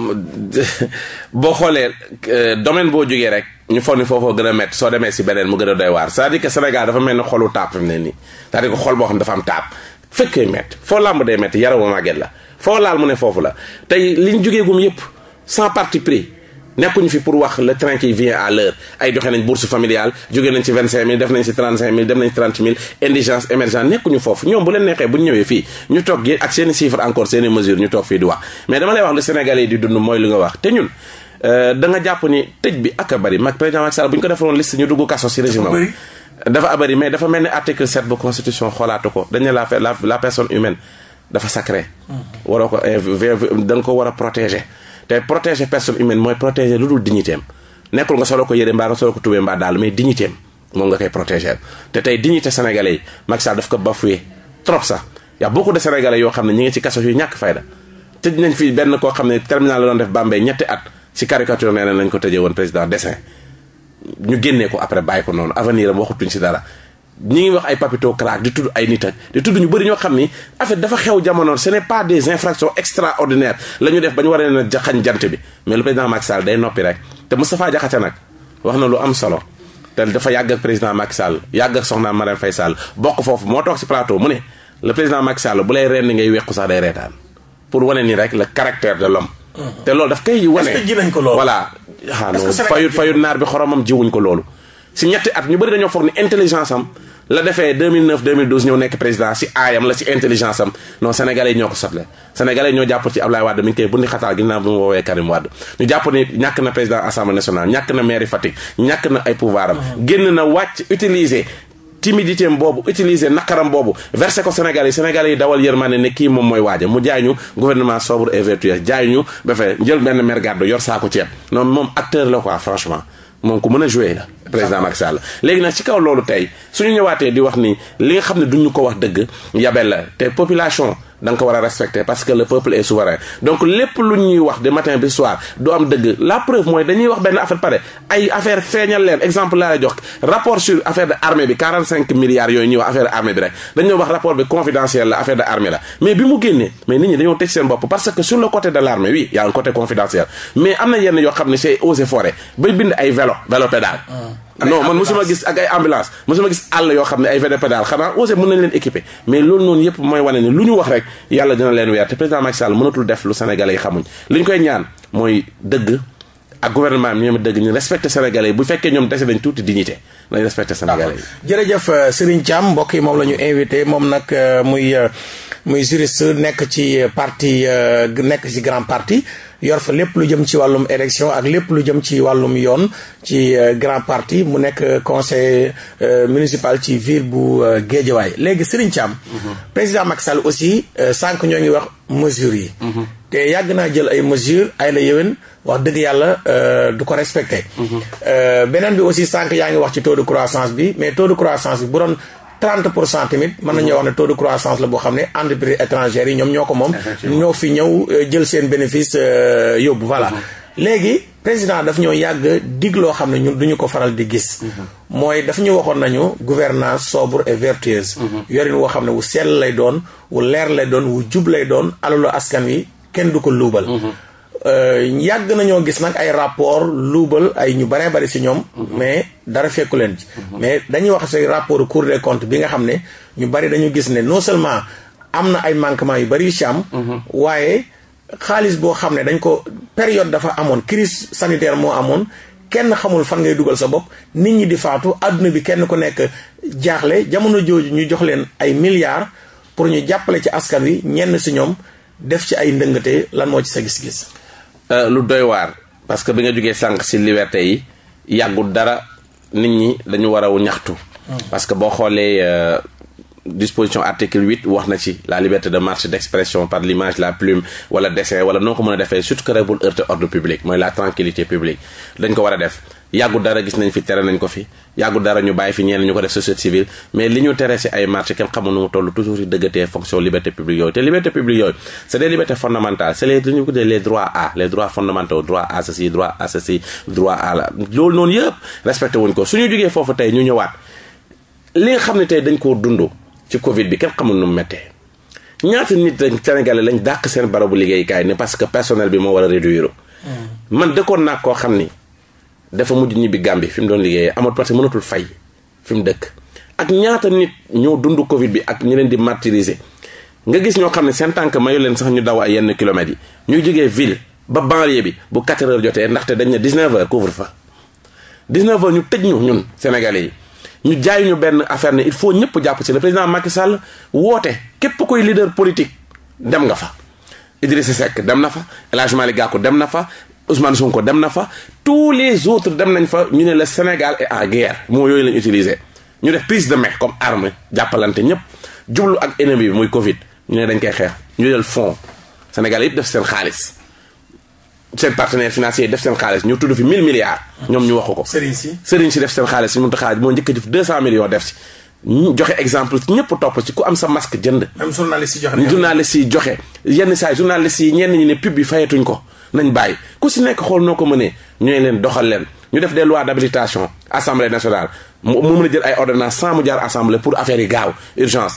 boo xoolee euh, domaine boo jógee rek ñu foog ni foofoo gën a métti soo demee si beneen mu gën a doy waar sa à dire Sénégal dafa mel ni xolu taab fi ne nii c'est-à-dire xol boo xam dafa am taab fekkee métti foo làmb day métti yaramu màgget foo laal mu ne foofu la tey liñ jógee gum yëpp. sans parti pris nekkuñu fi pour wax le train qui vient à l'heure ay joxe nañ bourse familiale jóge nañ ci vingt cinq mille def nañ ci trente cinq mille def nañ ci trente mille indigence émergent nekkuñu foofu ñoom bu leen neexee bu ñu ñëwee fii ñu toog gi ak seen i chiffres encore seen i mesures ñu toog fii di wax mais dama lay wax le Sénégalais di dund mooy lu nga wax te ñun euh, da jàpp ni tëj bi ak a bëri mag président Macky Sall bu ñu ko defaroon liste ñu dugg kaso si régime dafa dafa mel ni article 7 bu constitution ko dañ ne la la la personne humaine dafa sacré hmm. waroo ko da nga ko war a protéger te protéger personne humaine mooy protéger lu dul dignité am nekkul nga solo ko yére mbaa nga solo ko tubee mbaa daal mais dignité am moom nga koy protéger te tey dignité sénégalais yi Macky Sall def ko ba bafoué trop sax yaa beaucoup de sénégalais yoo xam ne ñi ngi ci kaso yu ñàkk fay fayda tëj nañ fii benn koo xam ne terminal la doon def Bambey ñetti at ci caricature nee nañ lañ ko tëjee woon président dessin ñu génnee ko après bàyyi ko noonu avenir am waxutuñ ci dara ñi ngi wax ay papito crack di tudd ay nit ak di tudd ñu bëri ñoo xam ni en fait dafa xew jamono ce n'est pas des infractions extraordinaires la ñu def ba ñu war a leen a xañ jant bi mais le président Macky Sall day noppi rek te Moustapha Diakhaté nag wax na lu am solo te dafa yàgg président Macky Sall yàgg ak soxna Marème Faye Sall bokk foofu moo toog si plateau mu ne le président Macky Sall bu lay reen ni ngay wequ sax day reetaan pour wane ni rek le caractère de l'homme te loolu daf kay wane est-ce que ji nañ ko loolu voilà xaano ah fayut fayut naar bi xoromam jiwuñ ko loolu si ñetti at la defee 2009 2012 ñëw nekk président si aayam la si intelligence am non sénégalais ñoo ko sotle sénégalais ñoo jàpp ci Ablaye Wade mi ngi koy bundi xataal ginnaaw bi mu woowee Karim Wade ñu jàpp ni ñàkk na président assemblée nationale ñàkk na mairie Fatick ñàkk na ay pouvoir am génn na wàcc utiliser timidité am boobu utiliser naqaram boobu versé ko Sénégalais yi Sénégalais yi dawal yërmande ne kii moom mooy waaja mu jaay ñu gouvernement sobre et vertueux jaay jël benn mer gàddu yor saako ceeb non moom acteur la quoi franchement moom ku mën a joué la président Macky Sall léegi nag si kaw loolu tey suñu ñëwaatee di wax ni li nga xam ne duñu ko wax dëgg yabel la te population da nga ko war a respecter parce que le peuple est souverain donc lépp lu ñuy wax de matin bi soir du dëgg la preuve mooy dañuy wax benn affaire pare ay affaire feeñal leen exemple laa lay jox rapport sur affaire de armée bi 45 milliards yooyu ñuy wax affaire de armée bi rek dañoo wax rapport bi confidentiel la affaire de armée la mais bi mu génnee mais nit ñi dañoo tëj seen bopp parce que sur le côté de l'armée oui y a un côté mais am na yenn yoo ne c'est eaux et forêt bay bind ay vélo vélo non man mosuma gis ak ay ambulance mosuma gis àll yoo xam ne ay vdpédal xanaa aussi mën nañ leen équiper mais loolu noonu yëpp mooy wane ne lu ñu wax rek yàlla dina leen weer te président Macky Sall mënatul def lu sénégalais yi li ñu koy ñaan mooy dëgg ak gouvernement bi ñoom dëgg ñu respecté sénégalais yi bu fekkee ñoom dese dañ tuuti dignité nañ respecté sénégalais yi jërëjëf euh, Serigne Thiam mbokk yi moom la ñu invité moom nag euh, muy euh, muy juriste nekk ci euh, parti euh, nekk ci grand parti yor fa lépp lu jëm ci wàllum élection ak lépp lu jëm ci wàllum yoon ci euh, grand parti mu nekk conseil municipal ci ville bu Guédiawaye léegi Serigne Thiam. Mhm. président Macky Sall aussi sànq ñoo ngi wax mesures yi. Mhm. te yàgg naa jël ay mesures ay la yéwén wax dëgg yàlla du ko respecté. Mhm. beneen bi aussi sànq yaa ngi wax ci taux de croissance bi mais taux croissance bi bu doon. 30 pour cent tamit mën nañoo wax ne taux de croissance la boo xam ne entreprise étrangères yi ñoom ñoo ko moom ñoo fi ñëw euh, jël seen bénéfice euh, yóbbu voilà mhm. léegi président daf ñoo yàgg dig loo xam ne ñun duñu ko faral di gis mhm. mooy dafa ñu waxoon nañu gouvernance sobre et vertueuse mhm. yorin woo xam ne wu sell lay doon wu leer lay doon wu jub lay doon alalu askan wi kenn du ko luubal Euh, yàgg nañoo gis nag ay rapport luubal ay ñu baree bari si ñoom mais dara fekku leen ci mais dañuy wax si rapport Cour des comptes bi nga xam ne ñu bari dañu gis ne non seulement am na ay manquement yu bari yu si am waaye xaalis boo xam ne dañ ko période dafa amoon crise sanitaire moo amoon kenn xamul fan ngay dugal sa bopp nit ñi di faatu àdduna bi kenn ku nekk jaaxle jamono jooju ñu jox leen ay milliards pour ñu jàppale ci askan wi ñenn si ñoom def ci ay ndëngate lan moo ci sa gis-gis Euh, lu doy waar parce que bi nga jógee sànq si liberté yi yàggul dara nit ñi dañu war a ñaxtu. parce que boo xoolee euh, disposition article huit wax na ci la liberté de marche d'expression par l'image la plume wala dessin wala noo ko mën a defee surtout que rek bul heurter ordre public mooy la tranquillité publique dañ ko war a def. yàggu dara gis nañ fi tere nañ ko fi yàggu dara ñu bàyyi fi ñeen ñu ko def société civile mais li ñu tere si ay marché kenn xamul nu mu toll toujours yi dëggatee fonction liberté publique yooyu te liberté publique yooyu c'est des libertés fondamentales c'est les li ñu tuddee les droits à les droits fondamentaux droit à ceci droit à ceci droit à la loolu noonu yëpp respecté wuñ ko suñu jógee foofu tey ñu ñëwaat li nga xam ne tey dañ koo dund ci covid bi kenn xamul nu mu méttee ñaata nit lañ sénégalais lañ dàq seen barabu liggéeykaay ne parce que personnel bi moo war a réduire hmm. man dëkkoon naa koo xam ni dafa mujj ñibbi Gàmbi fi mu doon liggéeyee amul parce que mënatul fay fi mu dëkk ak ñaata nit ñoo dund Covid bi ak ñu leen di martyriser nga gis ñoo xam ne seen tànk mayu leen sax ñu daw a yenn kilomètres yi ñuy jógee ville ba banlieue bi bu 4 heures jotee ndaxte dañ ne 19 heures couvre fa 19 heures ñu tëj ñu ñun sénégalais yi ñu jaayuñu benn affaire ne il faut ñëpp jàpp si la président Macky Sall woote képp koy leader politique dem nga fa. Idrissa Seck dem na fa El Hadj dem na fa Ousmane Sonko dem na fa tous les autres dem nañ fa ñu ne la Sénégal est en guerre moo yooyu lañ utiliser ñu def prise de main comme arme jàppalante ñëpp jublu ak ennemi bi muy Covid dañ koy xeex ñu jël fonds Sénégal yëpp def seen xaalis seen partenaire financier def seen ñu tudd fi 1000 milliards. ñoom ñu wax ko. Serigne si Serigne si def seen xaalis si Mountakha moo njëkk def 200 millions def si. ñu joxe exemple ñëpp topp si ku am sa masque jënd. même journaliste yi joxe journaliste yi joxe yenn saa yi journaliste yi ñenn ñi ne pub bi fayatuñ ko. nañ bàyyi ku si nekk xool noo ko mënee ñooy leen doxal leen ñu def des lois d'habilitation assemblée nationale mu mën a jël ay ordonnance sans mu jaar assemblée pour affaire yi gaaw urgence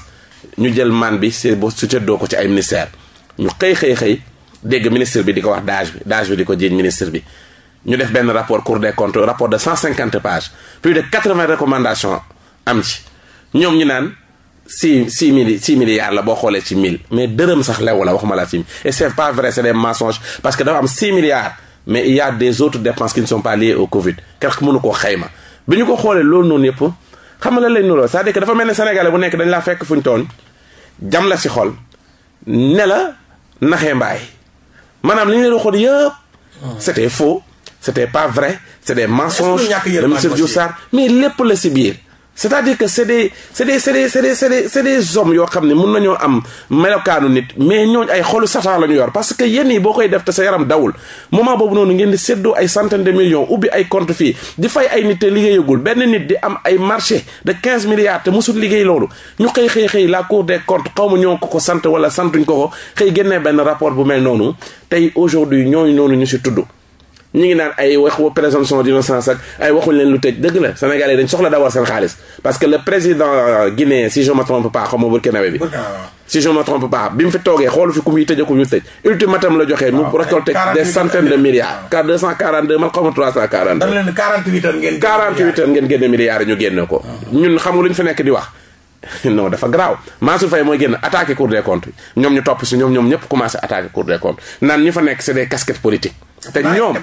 ñu jël man bi si ba su tëddoo ko ci ay ministère ñu xëy xëy xëy dégg ministre bi di ko wax dage bi dage bi di ko jiiñ ministre bi ñu def benn rapport cour des comptes rapport de cent cinquante page plus de quatre-vingts recommandations am ci ñoom ñu naan six six mille six milliards la boo xoolee ci mill mais dërëm sax lewu la waxuma la ci et c' est pas vrai c' est des parce que dafa am six milliards mais il a des autres dépenses qui ne sont pas liées au Covid keroog mënu koo xayma bi ñu ko xoolee loolu noonu yëpp xam nga lan lay nuroo ne Sénégalais bu nekk dañ laa fekk fu ñu toon jam la si xol ne la naxee mbaay maanaam li ñu leen waxoon yëpp c' était faux c' était pas vrai c' est des mensonges de monsieur Diouf Sarr mais lépp la si biir c'est-à-dire que c'est des c'est des c'est des c'est yoo xam ne mun nañoo am melokaanu nit mais ñooñ ay xolu satan la ñu yor parce que yenn yi boo koy def te sa yaram dawul moment boobu noonu ngeen di séddoo ay centaine de millions ubbi ay compte fii di fay ay nit te liggéeyagul benn nit di am ay marché de quinze milliards te musul liggéey loolu ñu xëy xëy xëy la cour des comptes xaw ma ñoo ko ko sant wala santuñ ko ko xëy génnee benn rapport bu mel noonu tey aujourd'hui ñooñu noonu ñu si tudd ñu ngi naan ay waxu présomption d'innocence ak ay waxuñ leen lu tëj dëgg la Sénégalais dañ soxla d'abord seen xaalis parce que le président euh, guinéen si je me trompe pas xawma burkinabé bi si je me trompe pas bi mu fi toogee xoolu fi ku muy tëj ku ñu tëj ultimatum la joxee mu récolté des de milliards car deux cent quarante deux man xaw ma trois quarante deux milliards ñu génne ko ñun xamul luñ fi nekk di wax non dafa garaaw Mansour Faye mooy génn te ñoom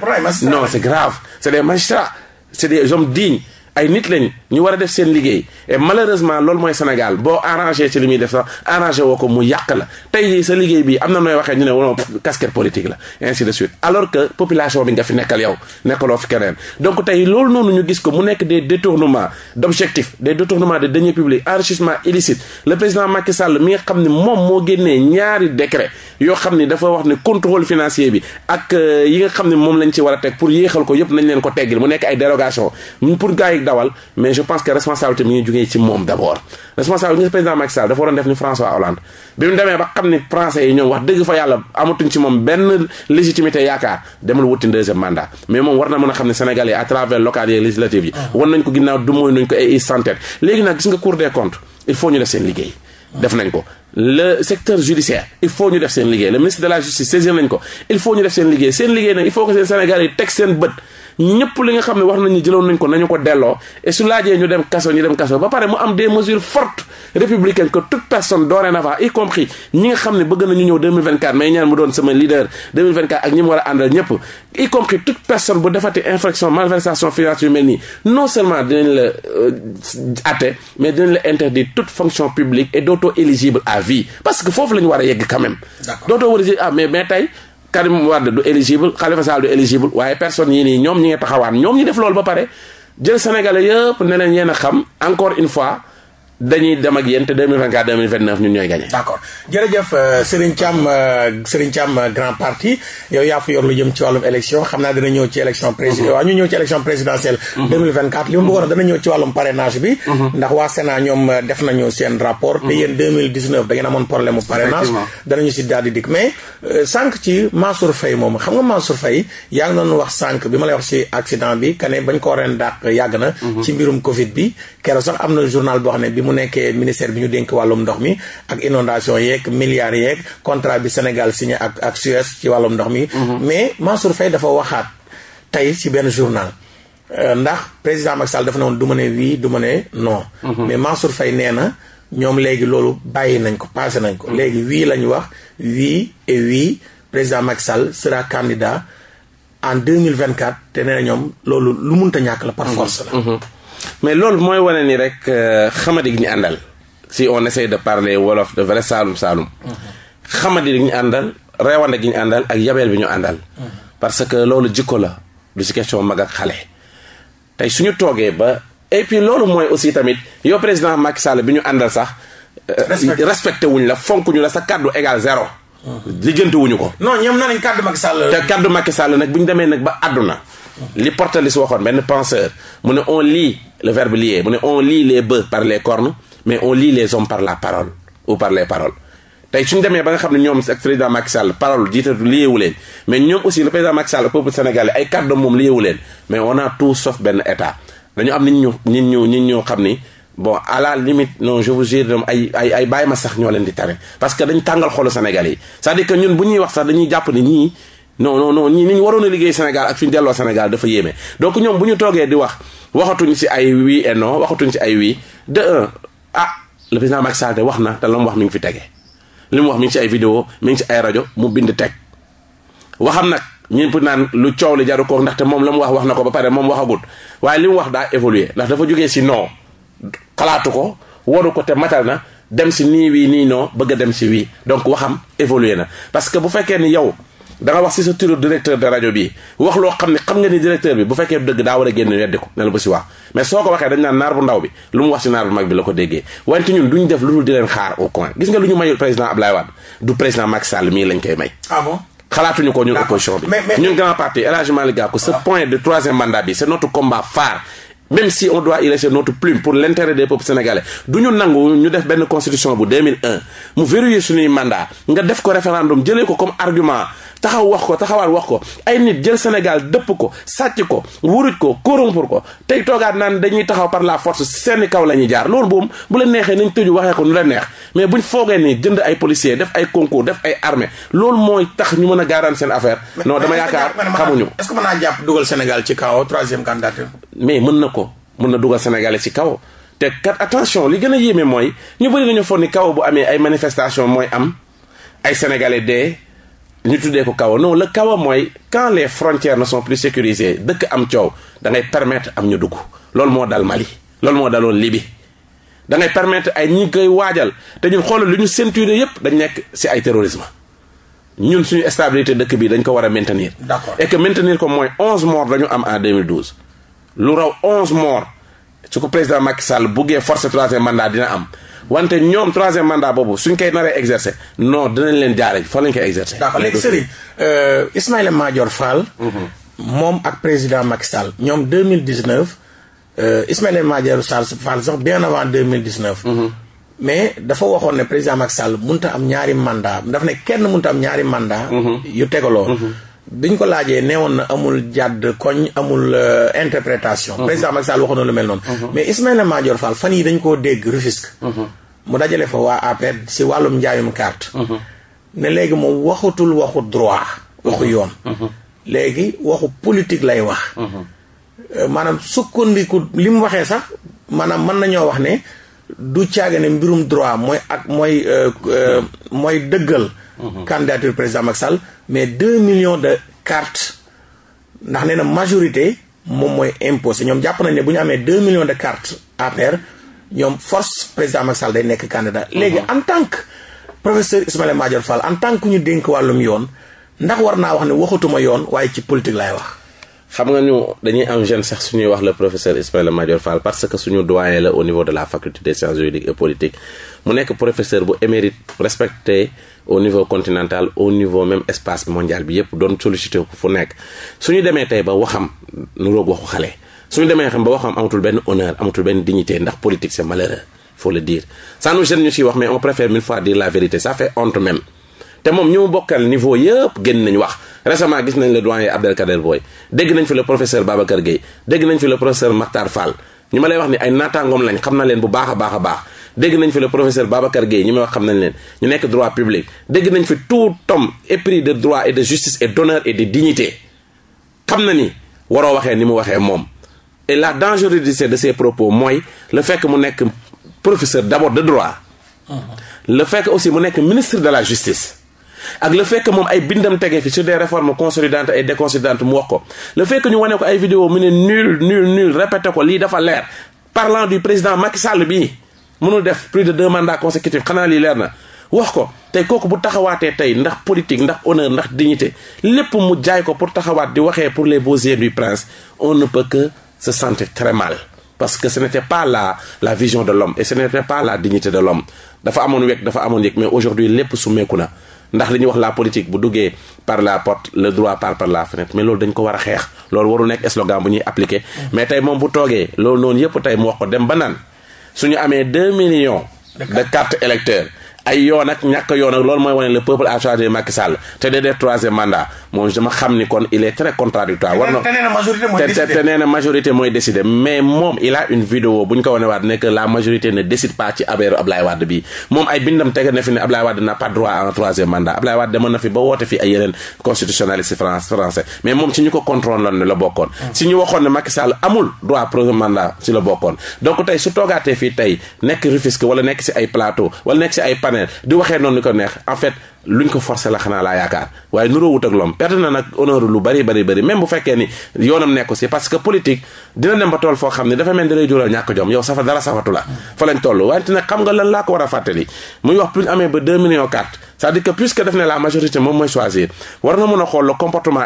non c'est grave c'est des magistrats c'est des hommes dignes ay nit lañ ñu war a def seen liggéey et malheureusement loolu mooy Sénégal boo arrangé ci li muy def sax arrangé woo ko mu yàq la tey jii sa liggéey bi am na nooy waxee ñu ne woon casquette politique la ainsi de suite alors que population bi nga fi nekkal yow nekkaloo fi keneen donc tey loolu noonu ñu gis ko mu nekk des détournements d' objectifs des détournements de deniers publics enrichissement illicite le président Macky Sall nga xam ne moom moo génnee ñaari décret yoo xam ni dafa wax ne contrôle financier bi ak euh, yi nga xam ne moom lañ ci war a teg pour yéexal ko yëpp nañ leen ko teggil mu nekk ay dérogation pour gars dawal mais je pense que responsabilité mi ngi jugee ci moom d' abord responsabilité bi président Macky dafa waroon def ni François Hollande bi mu demee ba xam ni français yi ñoom wax dëgg fa yàlla amatuñ ci moom benn légitimité yaakaar demul wutin deuxième mandat mais moom war na mën a xam ne sénégalais à travers locales yi législatives yi ah. wan nañ ko ginnaaw du mooy nañ ko ay santet léegi nag gis nga cour des comptes il faut ñu def seen liggéey le secteur judiciaire il faut ñu def seen liggéey le ministre de la justice saisir nañ ko il faut ñu def seen liggéey seen liggéey nag il seen Sénégal yi teg seen bët ñëpp li nga xam ne wax nañu jëloon nañ ko nañu ko delloo et su laajee ñu dem kaso ñu dem kaso ba pare mu am des mesures fortes républicaines que toute personne dorénavant y compris ñi nga xam ne bëgg nañu ñëw 2024 mais ñaan mu doon sama leader 2024 ak ñi mu war a àndal ñëpp y compris toute personne bu defati à vie parce que foofu la ñu war a yegg quand même. dootoo war a ah mais mais tey Karim Wade du éligible Khalifa Sall du éligible waaye personne yii nii ñoom ñi nga taxawaan ñoom ñi def loolu ba pare jël sénégalais yëpp ne leen a xam encore une fois. dañuy dem ak te 2024 ñooy gagné. d' accord jërëjëf euh, Serigne Thiam euh, Serigne Thiam euh, grand parti yow yaa yor lu jëm ci wàllum élection xam naa dina ñëw ci élection présidentielle mhm. waaw ñu ñëw ci mhm. dana ñëw ci wàllum parrainage bi. Mhm. ndax waa Sénat ñoom def nañu seen rapport. te yéen 2019 da ngeen amoon problème mu parrainage. danañu si daal dikk mais sànq ci Mansour Faye moom xam nga Mansour Faye yaa ngi doon wax sànq bi ma lay wax si accident bi kane bañ ko ren dàq yàgg na. ci mbirum mu nekkee ministère bi ñu dénk wàllum ndox mi ak inondation yeeg milliards yeeg contrat bi Sénégal signé ak ak Suez ci wàllum ndox mi. Mhm. mais Mansour Faye dafa waxaat tey ci benn journal. Euh, ndax président Macky Sall dafa ne woon du ma ne oui du ma ne non. Mhm. mais Mansour Faye nee na ñoom léegi loolu bàyyi nañ ko passé nañ ko. Mhm. léegi oui la ñu wax oui et oui président Macky Sall sera candidat en deux mille vingt quatre te nee ñoom loolu lu munta ñàkk la. par force la. mais loolu mooy wane ni rek euh, xamadi gi ñu àndal si on essaie de parler wolof de vrai saalum saalum xamadi gi ñu àndal reewande gi ñu àndal ak yabeel bi ñu àndal parce que loolu jikko la du si question mag ak xale tey suñu toogee ba et loolu mooy aussi tamit yow président Macky Sall bi ñu àndal sax euh, respecté wuñ la fonk ñu la sa kàddu égal zéro mm-hmm. lijjanti wuñu ko non ñoom nañ kàddu Macky Sall te kàddu Sall nag bu ñu demee nag ba àdduna li si waxoon benn penseur mu ne on le verbe lier mu ne on lie les bœufs par les cornes mais on lie les hommes par la parole ou par les paroles tey suñu demee ba nga xam ne ñoom ak président Macky Sall parole jiitatu liewu leen mais ñoom aussi le président Macky Sall le peuple sénégalais a tout sauf benn état dañu am nit ñu nit ñu ñu xam ni bon à la limite non je vous ay ay ay ma sax ñoo leen di tane parce que dañ tàngal xolu Sénégalais yi c'est-à-dire que ñun bu ñuy wax sax dañuy jàpp ni ñii non non non ñi ni ñu liggéey Sénégal ak fi ñu delloo Sénégal dafa yéeme donc ñoom bu ñu toogee di wax waxatuñ si ay oui et non waxatuñ si ay oui de un ah le wax na te wax mi fi tege li mu wax mi ngi si ay vidéo mi ngi si ay rajo mu bind teg waxam nag ñëpp naan lu coow li jaru ko ndaxte moom la mu wax wax na ko ba pare moom waxagut waaye li mu wax daa évoluer ndax dafa jógee si non xalaatu ko waru ko te matal na dem si nii wii nii non bëgg a dem si wii donc waxam évoluer na parce que bu fekkee ni yow. da wax si sa turu directeur de rajo bi wax loo xam ne xam nga ni directeur bi bu fekkee dëgg daa war a génn weddi ko ne la bu si wax mais soo ko waxee dañ naan naar bu ndaw bi lu mu wax si naar bu mag bi la ko déggee wante ñun duñ def lu dul di leen xaar au coin gis nga lu ñu mayul président Abdoulaye Wade du président Macky Sall mii lañ koy may ah bon xalaatuñu ko ñun opposition bi ñun grand parti Elhadji Malick Gakou ce point de troisième mandat bi c'est notre même si on doit y laisser pour l'intérêt des peuples sénégalais du ñu nangu ñu def benn constitution bu 2001 mu verrouiller suñuy mandat nga def ko référendum jëlee ko comme argument taxaw wax ko taxawaal wax ko ay nit jël Sénégal dëpp ko sàcc ko wuruj ko corrompre ko tey toogaat naan dañuy taxaw par la force seeni kaw la ñuy jaar loolu boobu bu la neexee nañ tëju waxee ko nu la neex mais buñ foogee ni jënd ay policiers def ay concours def ay armée loolu mooy tax ñu mën a gaaraan seen affaire non dama yaakaar xamuñu est mais mën na ko mën na dugal sénégalais ci kaw te kat attention li gën a yéeme mooy ñu bëri nañu foog ni kaw bu amee ay manifestation mooy am ay sénégalais dee ñu tuddee ko kaw non la kaw mooy kan les frontières ne sont plus sécurisées dëkk am coow da ngay permettre am ñu dugg loolu moo dal Mali loolu moo daloon Libye da ngay permettre ay ñi kay waajal te ñun xoolal lu ñu ceinture yépp dañ nekk ci ay terrorisme ñun suñu stabilité dëkk bi dañ ko war a maintenir. d'accord et que maintenir ko mooy 11 morts dañu am en 2012. lu raw onze morts su ko président Macky Sall buggee forcer troisième mandat dina am wante ñoom troisième mandat boobu suñ koy naree exercer non dinañ leen jaaree fa lañ koy exercer. d'accord léegi Serigne euh, Ismaïla Madior Fall. Mhm. moom ak président Macky Sall ñoom 2019 euh, Ismaïla Madior Sall Fall sax bien avant 2019. Mhm. mais dafa waxoon ne président Macky Sall mënut a am ñaari mandat daf ne kenn mënut a am ñaari mandat mhm. yu tegaloo. biñ ko laajee neewoon na amul jàdd koñ amul euh, interprétation. Mhm. président Macky Sall waxoon na lu mel noonu. Mhm. mais Ismaïla Madior Fall fan yi dañ koo dégg Rufisque. Mhm. mu dajale fa waa APR si wàllum njaayum carte. ne léegi moom waxatul waxu droit. waxu yoon. léegi waxu politique lay wax. Euh, maanaam sukkandiku li mu waxee sax maanaam mën nañoo wax ne du caagane mbirum droit mooy ak mooy euh, mooy dëggal. Mhm. candidature président Macky Sall mais deux millions de cartes ndax nee na majorité moom mooy imposé ñoom jàpp nañ ne bu ñu amee deux millions de cartes APR ñoom force président Macky day nekk candidat mhm. léegi en tant que professeur Ismaïla Madior Fall en tant que ñu dénk wàllum yoon ndax war naa wax ne waxatuma yoon waaye ci politique laay wax xam nga ñu dañuy am jeune sax suñuy wax la professeur Ismaïla Madior Fall parce que suñu doyen la au niveau de la faculté des sciences juridiques et politiques mu nekk professeur bu émérite respecté au niveau continental au niveau même espace mondial bi yëpp doon sollicité ko fu nekk suñu demee tey ba waxam nu roog waxu xale suñu demee xam ba waxam amatul benn honneur amatul benn dignité ndax politique c'est malheureux faut le dire ça nous gêne ñu siy wax te moom ñu mu bokkal niveau yëpp génn nañu wax récemment gis nañ le doyen Abdelkader Boy dégg nañ fi le professeur Babacar Gueye dégg nañ fi le professeur Makhtar Fall ñi ma lay wax ni ay naataangoom lañ xam na leen bu baax a baax baax dégg nañ fi le professeur Babacar Gueye ñu may wax xam nañ leen ñu nekk droit public dégg nañ fi tout tom épris de droit et de justice et d'honneur et de dignité xam na ni waroo waxee ni mu waxee moom et la dangerosité de ces propos mooy le fait mu nekk professeur d'abord de droit le fait que aussi mu nekk ministre de la justice ak le fekk moom ay bindam tege fi sur des réformes consolidantes et déconsolidantes mu wax ko le fekk ñu wane ko ay vidéo mu ne nul nul nul répété ko lii dafa leer parlant du président Macky Sall bii mënul def plus de demanda mandats xanaa lii leer na wax ko tey kooku bu taxawaatee tey ndax politique ndax honneur ndax dignité lépp mu jaay ko pour taxawaat di waxee pour les beaux yeux du prince on ne peut que se sentir très mal parce que ce la la vision de l'homme et ce n'était la dignité de l'homme dafa amoon wekk dafa amoon yëg mais aujourd'hui lépp summeeku na ndax li ñu wax la politique bu duggee par la pot le droit par par la fenêtre mais loolu dañ ko war a xeex loolu warul nekk slogan bu ñuy appliqué mm. mais tey moom bu toogee loolu noonu yëpp tey mu wax ko dem ba naan suñu amee deux millions de cartes électeurs ay yoon ak ñàkk yoon ak loolu mooy wane le peuple a choisi Macky Sall te day def mandat moom dama xam ni kon il est très contradictoire te nee majorité mooy décider mais moom il a une vidéo bu ñu ko wane waat ne la majorité ne décide pas ci affaire Ablaye Wade bi moom ay bindam teg na fi ne Ablaye Wade n'a pas droit à un troisième mandat Ablaye Wade demoon na fi ba woote fi ay yeneen constitutionnaliste France français mais moom si ñu ko contrôle neex di waxee noonu ko neex en fait luñ ko forcé la xanaa laa yaakaar waaye nuroo wut ak lom perte lu bari bari bari même bu fekkee ni yoonam nekku si parce que politique dina dem ba tool foo xam ne dafa mel ni lay ñàkk jom yow safa dara safatu la fa lañ toll wante nag xam nga lan laa ko war a fàttali muy wax bu amee ba 2 millions 4 c'est-à-dire que puisque def ne la majorité moom mooy choisir war na mën a xool le comportement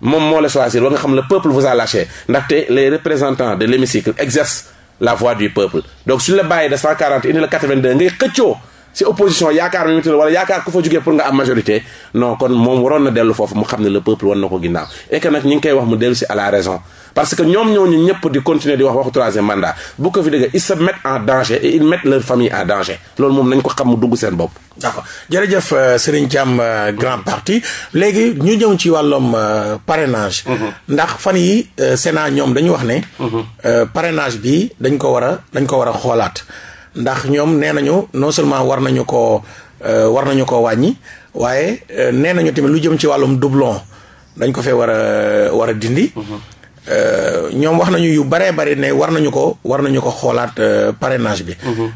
moom moo la choisir ba nga xam le peuple vous a lâché ndaxte les représentants de l'hémicycle exercent la voix du peuple donc suñu la bàyyi de 140 indi la 82 ngay xëccoo si opposition yaakaar mi mutu wala yaakaar ku fa jugee pour nga am majorité non kon moom waroon na dellu foofu mu xam ne le peuple war ko ginnaaw et nag ñi ngi wax mu dellu si à la raison parce que ñoom ñooñu ñëpp di continuer di wax waxu troisième mandat bu fi dëgg ils se mettent en danger et ils leur famille en danger loolu moom nañ ko xam mu dugg seen bopp d'accord jërëjëf euh, Serigne Thiam euh, grand parti léegi ñu ñëw ci wàllum euh, parrainage mhm. ndax fan yi Sénat ñoom dañu wax ne mhm. parrainage bi dañ ko war a dañ ko war a xoolaat ndax ñoom nee nañu non seulement war nañu koo euh, war nañu koo wàññi waaye euh, nee nañu tamit lu jëm ci wàllum doublon dañ ko fee war a war a dindi. Euh, ñoom wax nañu yu baree bari ne war nañu ko war nañu ko xoolaat parrainage bi. Mhm.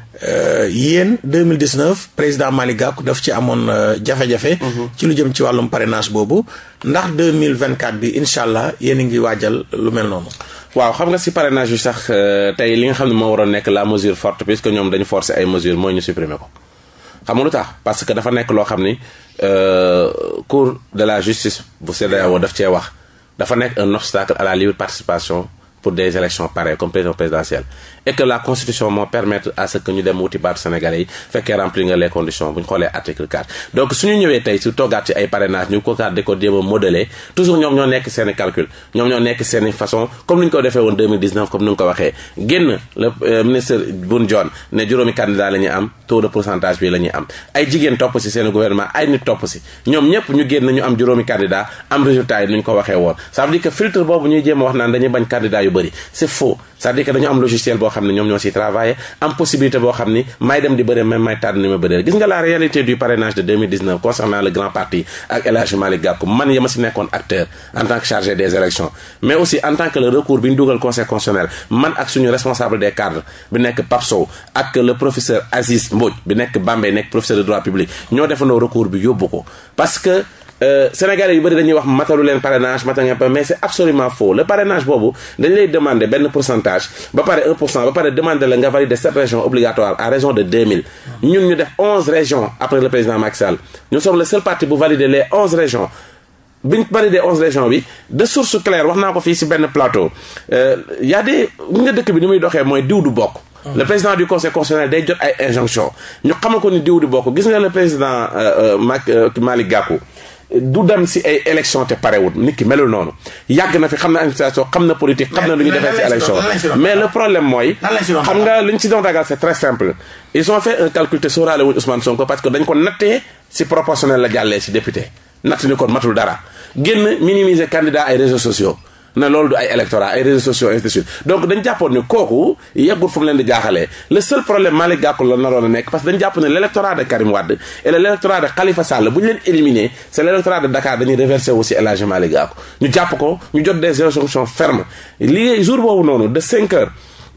yéen 2019 président Malick Gakou daf ci amoon jafe-jafe. Mhm. ci lu jëm ci wàllum parrainage boobu ndax 2024 bi incha allah yéen a ngi waajal lu mel noonu. waaw xam nga si parrainage bi sax euh, tey li nga xam ne moo waroon nekk la mesure forte puisque ñoom dañu forcer ay mesures mooy ñu supprimer ko xam nga tax parce que dafa nekk loo xam ni euh, cour de la justice bu e e woo daf cee wax dafa nekk un obstacle à la libre participation pour des élections pareilles comme président présidentielle et que la constitution moo permettre à ce que ñu dem wuti baatu sénégalais yi fekkee remplir nga les conditions bu ñu xoolee article 4 donc suñu ñëwee tey su toogaat ci ay parrainage ñu ko kaat di ko jéem a modeler toujours ñoom ñoo nekk seen calcul ñoom ñoo nekk seen façon comme ni ñu ko defee woon comme ni nga ko waxee génn euh, ministre Boun Dionne ne juróomi candidat la am taux de pourcentage bi la am ay jigéen topp si seen gouvernement ay nit topp si ñoom ñëpp ñu génn ñu am juróomi candidat am résultat yi nu ñu ko waxee woon ça que filtre boobu ñuy jéem a wax naan dañuy bañ candidat yu bëri c'est faux ca à dire que dañu am logiciel boo xam ne ñoom ñoo siy travailler am possibilité boo xam ni may dem di bëre même may tànn ni ma bëre gis nga la réalité du parrainage de concernant le grand parti ak El Hadji Malick man ya ma nekkoon acteur en tant que chargé des élections mais aussi en tant que le recours bi ñu dugal conseil constitutionnel man ak suñu responsable des cadres bi nekk Pape ak le professeur Aziz Mbodj bi nekk Bambey nekk professeur de droit public ñoo defandoo ko Euh, Sénégalais yu bëri dañuy wax matalu leen parrainage matal ngeen mais c'est absolument faux le parrainage boobu dañu lay demander benn pourcentage ba pare 1 pour cent ba pare demander la nga valider sept régions obligatoires à raison de 2000 ñun ñu def 11 régions après le président Macky Sall nous sommes le seul parti bu valider les 11 régions. biñ validé onze régions bi de source claire wax naa ko fii ci benn plateau euh, y a des nga dëkk bi ni muy doxee mooy diw du bokk. le président du conseil constitutionnel day jot ay injonction ñu xamal ko ni diw du bokk gis nga le président euh, Malick Gakou. du dem si ay élection te parewut nit ki melul noonu yàgg na fi xam na administration xam na politique xam na lu ñu defee si élection mais le problème mooy xam nga li ñu si doon ragal c'est très simple ils ont fait un calcul te sóoraale wuñu Ousmane Sonko parce que dañ ko nattee si proportionnel la jàllee si député natt ni ko matul dara génn minimiser candidat ay réseaux sociaux ne loolu du ay électorat ay réseaux sociaux ainsi donc dañ jàppoon ni kooku yeggul fu mu jaaxalee le seul problème Malick Gakou la naroon a nekk parce que dañ jàpp ne l' électorat de Karim Wade et l' de Khalifa Sall bu ñu leen éliminé c' est de Dakar dañuy reversé aussi El Hadji Malick ñu jàpp ko ñu jot des injonctions fermes lii jour boobu noonu de 5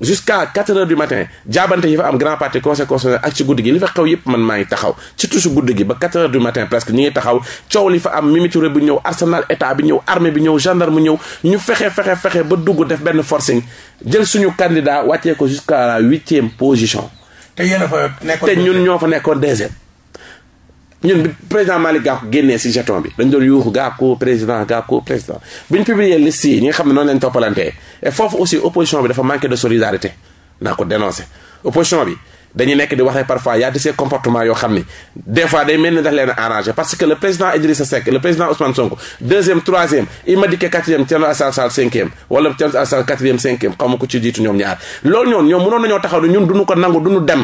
jusqu'à quatre heures du matin jaabante yi fa am grand parti conseil ak ci guddi gi li fa xew yépp man maa ngi taxaw ci tusu guddi gi ba quatre heures du matin presque ñi ngi taxaw coow li fa am Mimi bi ñëw arsenal état bi ñëw armée bi ñëw gendarme ñëw ñu fexe fexe fexe ba dugg def benn forcing jël suñu candidat wàccee ko jusqu'à la huitième position. te yéen a fa ñun ñoo fa nekkoon deuxième. ñun bi président Malick Gakou génnee si jeton bi dañ doon yuuxu Gakou président Gakou président bu ñu publier liste yi ñi nga xam ne noonu lañ toppalantee et de ñun duñu ko nangu duñu dem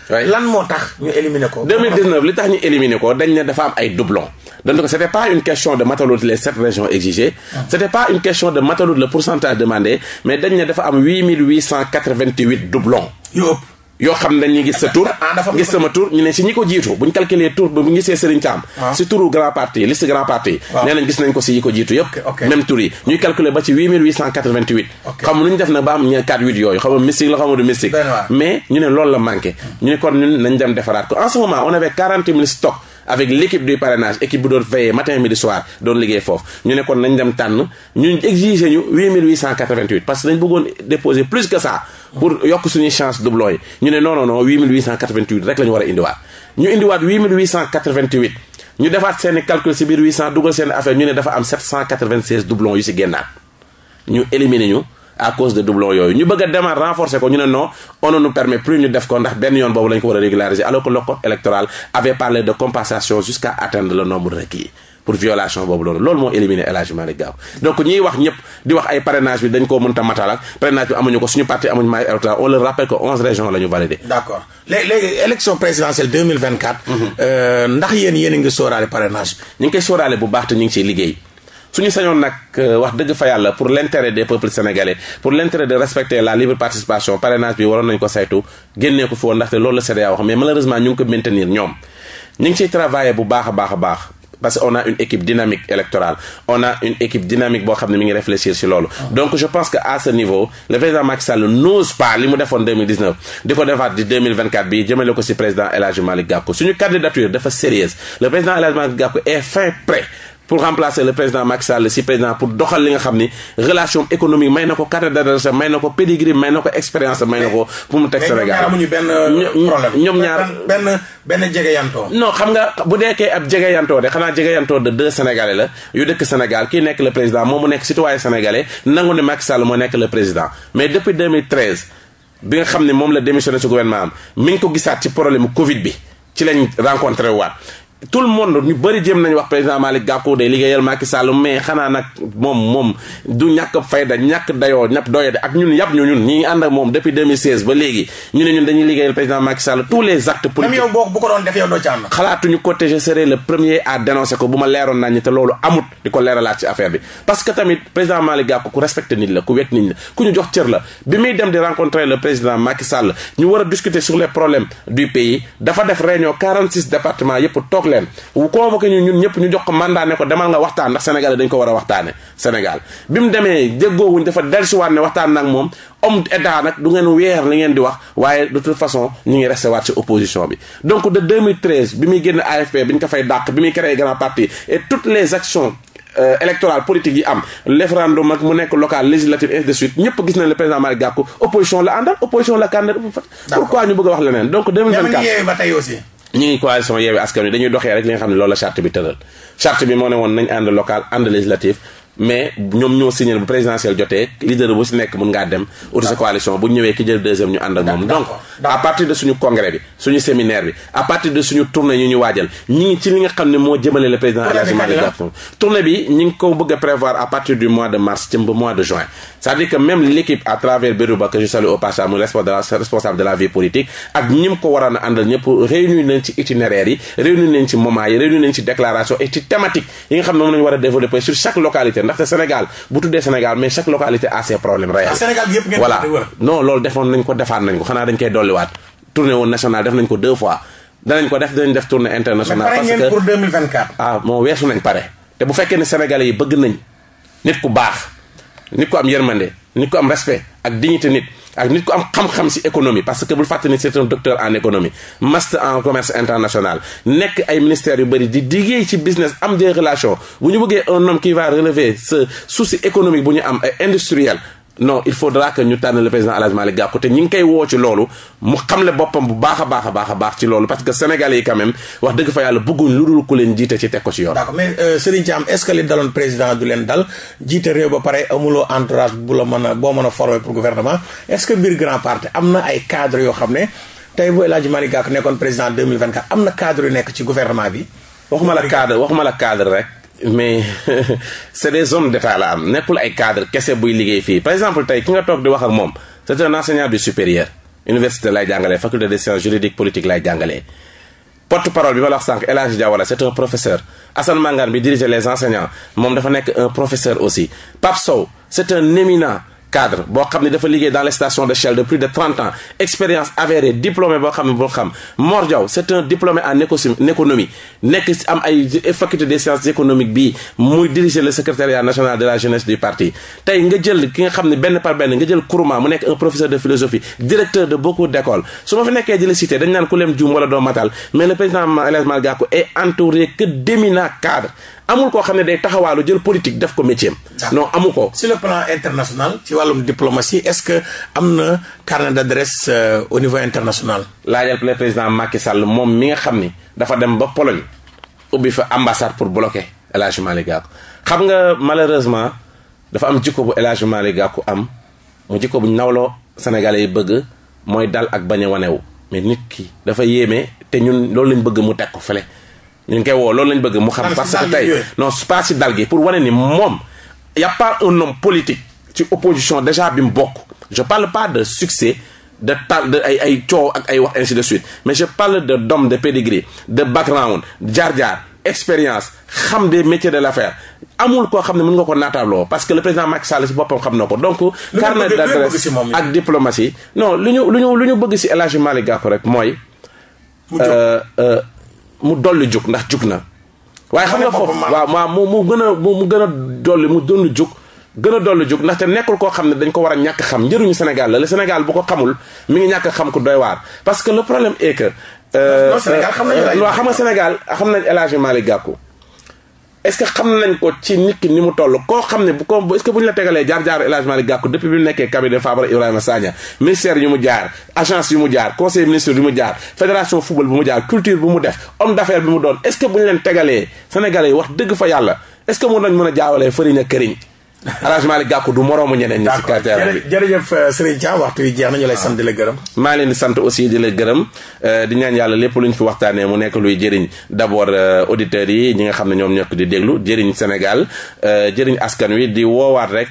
lan moo tax ñu éliminer ko. 2019 li tax ñu éliminer ko dañ ne dafa am ay doublons donc c' était pas une question de mataloo de les sept régions exigées. Ah. c' était pas une question de mataloo de le pourcentage demandé mais dañ ne dafa am 8888 yoo xam ne dañuy gis sa tur ah, gis sama tur ñu ne si ñi ko jiitu buñ calculer tur bu ñu gisee Serigne Thiam ah. si turu grand parti liste grand parti ah. nee gis nañ ko si yi ko jiitu yëpp même tur yi ñuy calculer ba ci 8888 def nag ba am ñe 48 yooyu xam nga la xam du mystique mais ñu ne loolu la manqué ñu ne kon nañ dem defaraat ko en ce moment on avait stock avec l'équipe du parrainage équipe bu doon veillé matin midi soir doon liggéey foofu ñu ne kon nañ dem tànn ñu exiger ñu 8888 parce bëggoon déposer plus que ça pour yokk suñuy chance doublon yi ñu ne non rek la ñu a indiwaat ñu indiwaat 8888 ñu defaat seeni calcul ci dugal seen affaire ñu ne dafa am 796 doublon yu ci génnaat ñu éliminer ñu à cause de doublon yooyu ñu bëgg a demaat renforcer ko ñu ne non on ne nous permet plus ñu def ko ndax benn yoon boobu lañ ko war a régulariser alors que le code électoral avait parlé de compensation jusqu'à atteindre le nombre requis pour violation boobu loolu moo éliminer El Hadj Malick donc ñiy wax ñëpp di wax ay parrainage bi dañ koo mënta matal ak bi amuñu ko suñu parti amuñu maay électoral on rappelle que onze régions la ñu validé. d' mhm. euh, baax te ñu ngi ciy su ñu sañoon nag euh, wax dëgg fa yàlla pour l' intérêt des peuples sénégalais pour l' intérêt de respecter la libre participation parrainage bi waroon nañ ko saytu génnee ko fi woon ndaxte loolu la CEDEAO wax mais malheureusement ñu ngi ko maintenir ñoom ñu ngi ciy travailler bu baax baax baax. parce que on a une équipe dynamique électorale on a une équipe dynamique boo xam ne mi ngi réfléchir ci loolu. Ah. donc je pense que à ce niveau le président Macky Sall n'ose pour remplacer le président Macky Sall si président pour doxal li nga xam ni relation économique may na ko carte d'adresse may na ko pedigree may na ko expérience may na ko pour mu teg ñaar euh, benn benn jegeyantoo non xam nga bu deekee ab jegeyantoo de xanaa jegeyantoo de deux sénégalais la yu dëkk Sénégal ki nekk le président moom mu nekk citoyen sénégalais nangu ne Macky Sall moo nekk le président mais depuis 2013 bi nga xam ne moom la démissionné su gouvernement am mi ngi ko gisaat ci problème Covid bi ci lañ rencontré waat tout le monde ñu bëri jéem nañu wax président Malick Gakou day liggéeyal Macky Sall mais xanaa nag moom moom du ñàkk fayda ñàkk dayoo ñàpp doyade ak ñun yàpp ñu ñun ñi ànd ak moom depuis 2016 ba léegi ñu ne ñun dañuy liggéeyal président Macky Sall tous les actes politiques même le premier ma leeroon naa ñi te dem di rencontrer le président Macky Sall ñu war a sur les problèmes du pays dafa def réunion 46 départements toog leen wu convoqué ñu ñun ñëpp ñu jox ko mandat ne ko demal nga waxtaan ndax Sénégal dañ ko war a waxtaane Sénégal bi mu demee jéggoowuñ dafa dellusiwaat ne waxtaan nag moom homme d'état nag du ngeen weer li ngeen di wax waaye de toute façon ñu ngi resté waat opposition bi donc de 2013 bi muy génn AFP bi ñu ko fay dàq bi muy créé grand parti et toutes les actions Euh, électoral yi am référendum ak nekk local législatif et de suite ñëpp gis nañ la àndal opposition a ñu ngi coalition Yewwi Askan Wi dañuy doxee rek li nga xam ne loolu la charte bi tëral charte bi moo nañ ànd local ànd législatif mais ñoom ñoo signé bu présidentiel jotee leader bu si nekk mun ngaa dem uti sa coalition bu ñëwee ki jël deuxième ñu ànd moom donc à partir de suñu congrès bi suñu séminaire bi à partir de suñu tournée ñu ñu waajal ñi ngi ci li nga moo jëmale le président ko bëgg a prévoir à partir du mois de mars ci ba mois de juin cest dire que même l'équipe à travers Bérouba que je salue au passage mu responsable de la vie politique ak ñi ko waroon a àndal ñëpp réunir nañ ci itinéraire yi réunir lañu localité ndaxte Sénégal bu tuddee Sénégal mais chaque localité a ses problèmes réels. Ah, Sénégal yëpp ngeen voilà non loolu defoon nañ ko defaat nañ ko xanaa dañ koy dolliwaat tournée woon national def nañ ko deux fois danañ ko def danañ def tournée internationale. parce que pour 2024. ah moom weesu nañ pare te bu fekkee ne sénégalais yi bëgg nañ nit ku baax nit ku am yërmande nit ku am respect ak dignité nit. ak nit ku am xam-xam si économie parce que bul fàttali ni c'est un docteur en économie master en commerce international nekk ay ministères yu bëri di liggéey ci business am des relations bu ñu bëggee un homme qui va relever ce souci économique bu ñu am ay industriel non il faudra que ñu tànn le président El Hadj Malick Gakou te ñi ngi koy woo ci loolu mu xamle boppam bu baax a baax a baax a ci loolu parce que sénégalais yi quand même wax dëgg fa yàlla bëgguñ lu dul ku leen jiite ci teg ko ci yoon. d'accord mais euh, Serigne Thiam daloon président du leen dal jiite réew ba pare amuloo entourage bu la mën a boo mën a former pour gouvernement est-ce que biir grand parti am na ay cadres yoo xam ne tey bu El Hadj Malick nekkoon président 2024 am na cadre yu nekk ci gouvernement bi. waxuma la cadre waxuma la cadre rek. mais c'est des hommes d'état la am nekkul ay cadre kese buy liggéey fii par exemple tey ki nga toog di wax ak moom c'est un enseignant du supérieur université lay jàngalee faculté des sciences juridiques politiques lay jàngalee porte-parole bi ma la wax sànq El Hadj Diawara c'est un professeur Assane Mangane bi dirige les enseignants moom dafa nekk un professeur aussi Pape Sow c'est un éminent cadre boo xam ne dafa liggéey dans les stations de Shell de plus de trente ans expérience avérée diplômé boo xam ne boo xam Mor Diaw c' est un en économie nekk am ay faculté des sciences économiques bii muy diriger le secrétariat national de la jeunesse du parti tey nga jël ki nga xam ne benn par benn nga jël Kourouma mu nekk un professeur de philosophie directeur de beaucoup d' écoles su ma fi nekkee di la cité dañ naan ku lem juum wala doo matal amul koo xam ne day taxawaalu jël politique def ko métier non amu ko. si le plan international ci wàllum diplomatie est-ce que am na carnet d'adresse euh, au niveau international. laajal président Macky Sall moom mi nga xam ni dafa dem ba Pologne ubbi fa ambassade pour bloquer El Hadj Malick Gakou xam nga malheureusement dafa am jikko bu El Hadj Malick Gakou am mu jikko bu nawloo sénégalais yi bëgg mooy dal ak bañ a wanewu mais nit ki dafa yéeme te ñun loolu lañ bëgg mu teg ko fële. ñu ngi koy woo loolu lañ bëgg mu xam parce que tey non pas si dal gi pour wane ni moom y' pas un homme politique ci opposition déjà bi mu bokk je parle pas de succès de tal de ay ay coow ak ay wax ainsi de suite mais je parle de d'homme de pedigree de background jaar-jaar expérience xam de métiers de l'affaire amul koo xam ne mën nga ko naataaloo parce que le président Macky Sall si boppam xam na ko donc carnet d'adresse ak diplomatie no lu ñu lu ñu lu ñu bëgg si El Hadji Malick Gakou rek mooy mu dolli jug ndax jug na waaye xam nga foofu waaw waaw mu mu gën a mu gën a dolli mu dund jug gën a dolli jug ndaxte nekkul koo xam ne dañ ko war a ñàkk xam njëriñu Sénégal la le Sénégal bu ko xamul mi ngi ñàkk xam ko doy waar parce que le problème est que waaw euh, euh, xam nga Sénégal xam nañ El Hadji Malick est-ce que xam nañ ko ci nit ki ni mu toll koo xam ne bu ko est-ce que bu ñu la tegalee jaar jaar El Hadj Malick Gakou bi mu nekkee cabinet Famara Ibrahima Sagna ministère yu mu jaar agence yu mu jaar conseil ministre yu mu jaar fédération football bu mu jaar culture bu mu def homme d'affaires bi mu doon est-ce que bu ñu leen tegalee sénégalais yi wax dëgg fa yàlla est-ce que nañ mën a jaawalee fëriñ ak këriñ arrangement li gàkku du moroomu ñeneen ñi si carrière bi euh, jeex na ñu lay sant di la gërëm maa leen di sant aussi di la gërëm euh, di ñaan yàlla lépp lu ñu fi waxtaanee mu nekk luy jëriñ d'abord euh, auditeurs yi ñi nga xam ne ñoom ñokk di déglu jëriñ Sénégal jëriñ askan wi di woowaat rek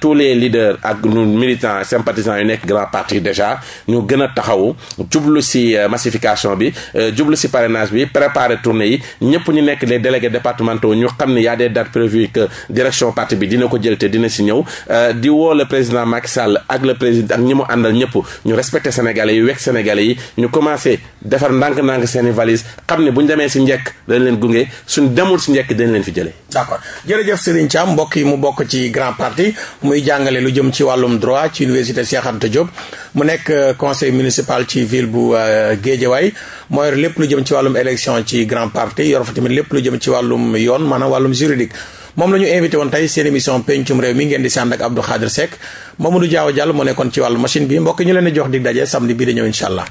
tous les leaders ak ñu militants sympathisants yu nekk grand parti déjà ñu gën a taxawu jublu si massification bi jublu si parrainage bi préparer tournée yi ñëpp ñu nekk les délégués départementaux ne y a des dates prévues que direction parti bi ko jël te dina si ñëw euh, di woo le président Macky Sall ak le président ak ñi mu àndal ñëpp ñu respecté sénégalais yi wekk sénégalais yi ñu commencé defar ndànk-ndànk seeni valise xam ne bu ñu demee si njekk dañ leen gunge suñ demul si njekk dañ leen fi jëlee. d'accord jërëjëf Serigne Thiam mbokk yi mu bokk ci grand parti muy jàngale lu jëm ci wàllum droit ci université Cheikh Anta Diop mu nekk euh, conseil municipal ci ville bu euh, Guédiawaye moo yor lépp lu jëm ci wàllum élection ci grand parti tamit lépp lu jëm ci wàllum yoon maanaam wàllum juridique. moom lañu ñu invité woon tey seen émission pencum réew mi ngeen di sànd ak Abdou Khadre Seck Mamadou Diaw Diallo mu nekkoon ci wàllu machine bi mbokk ñu leen di jox dig daje samedi bii di ñëw allah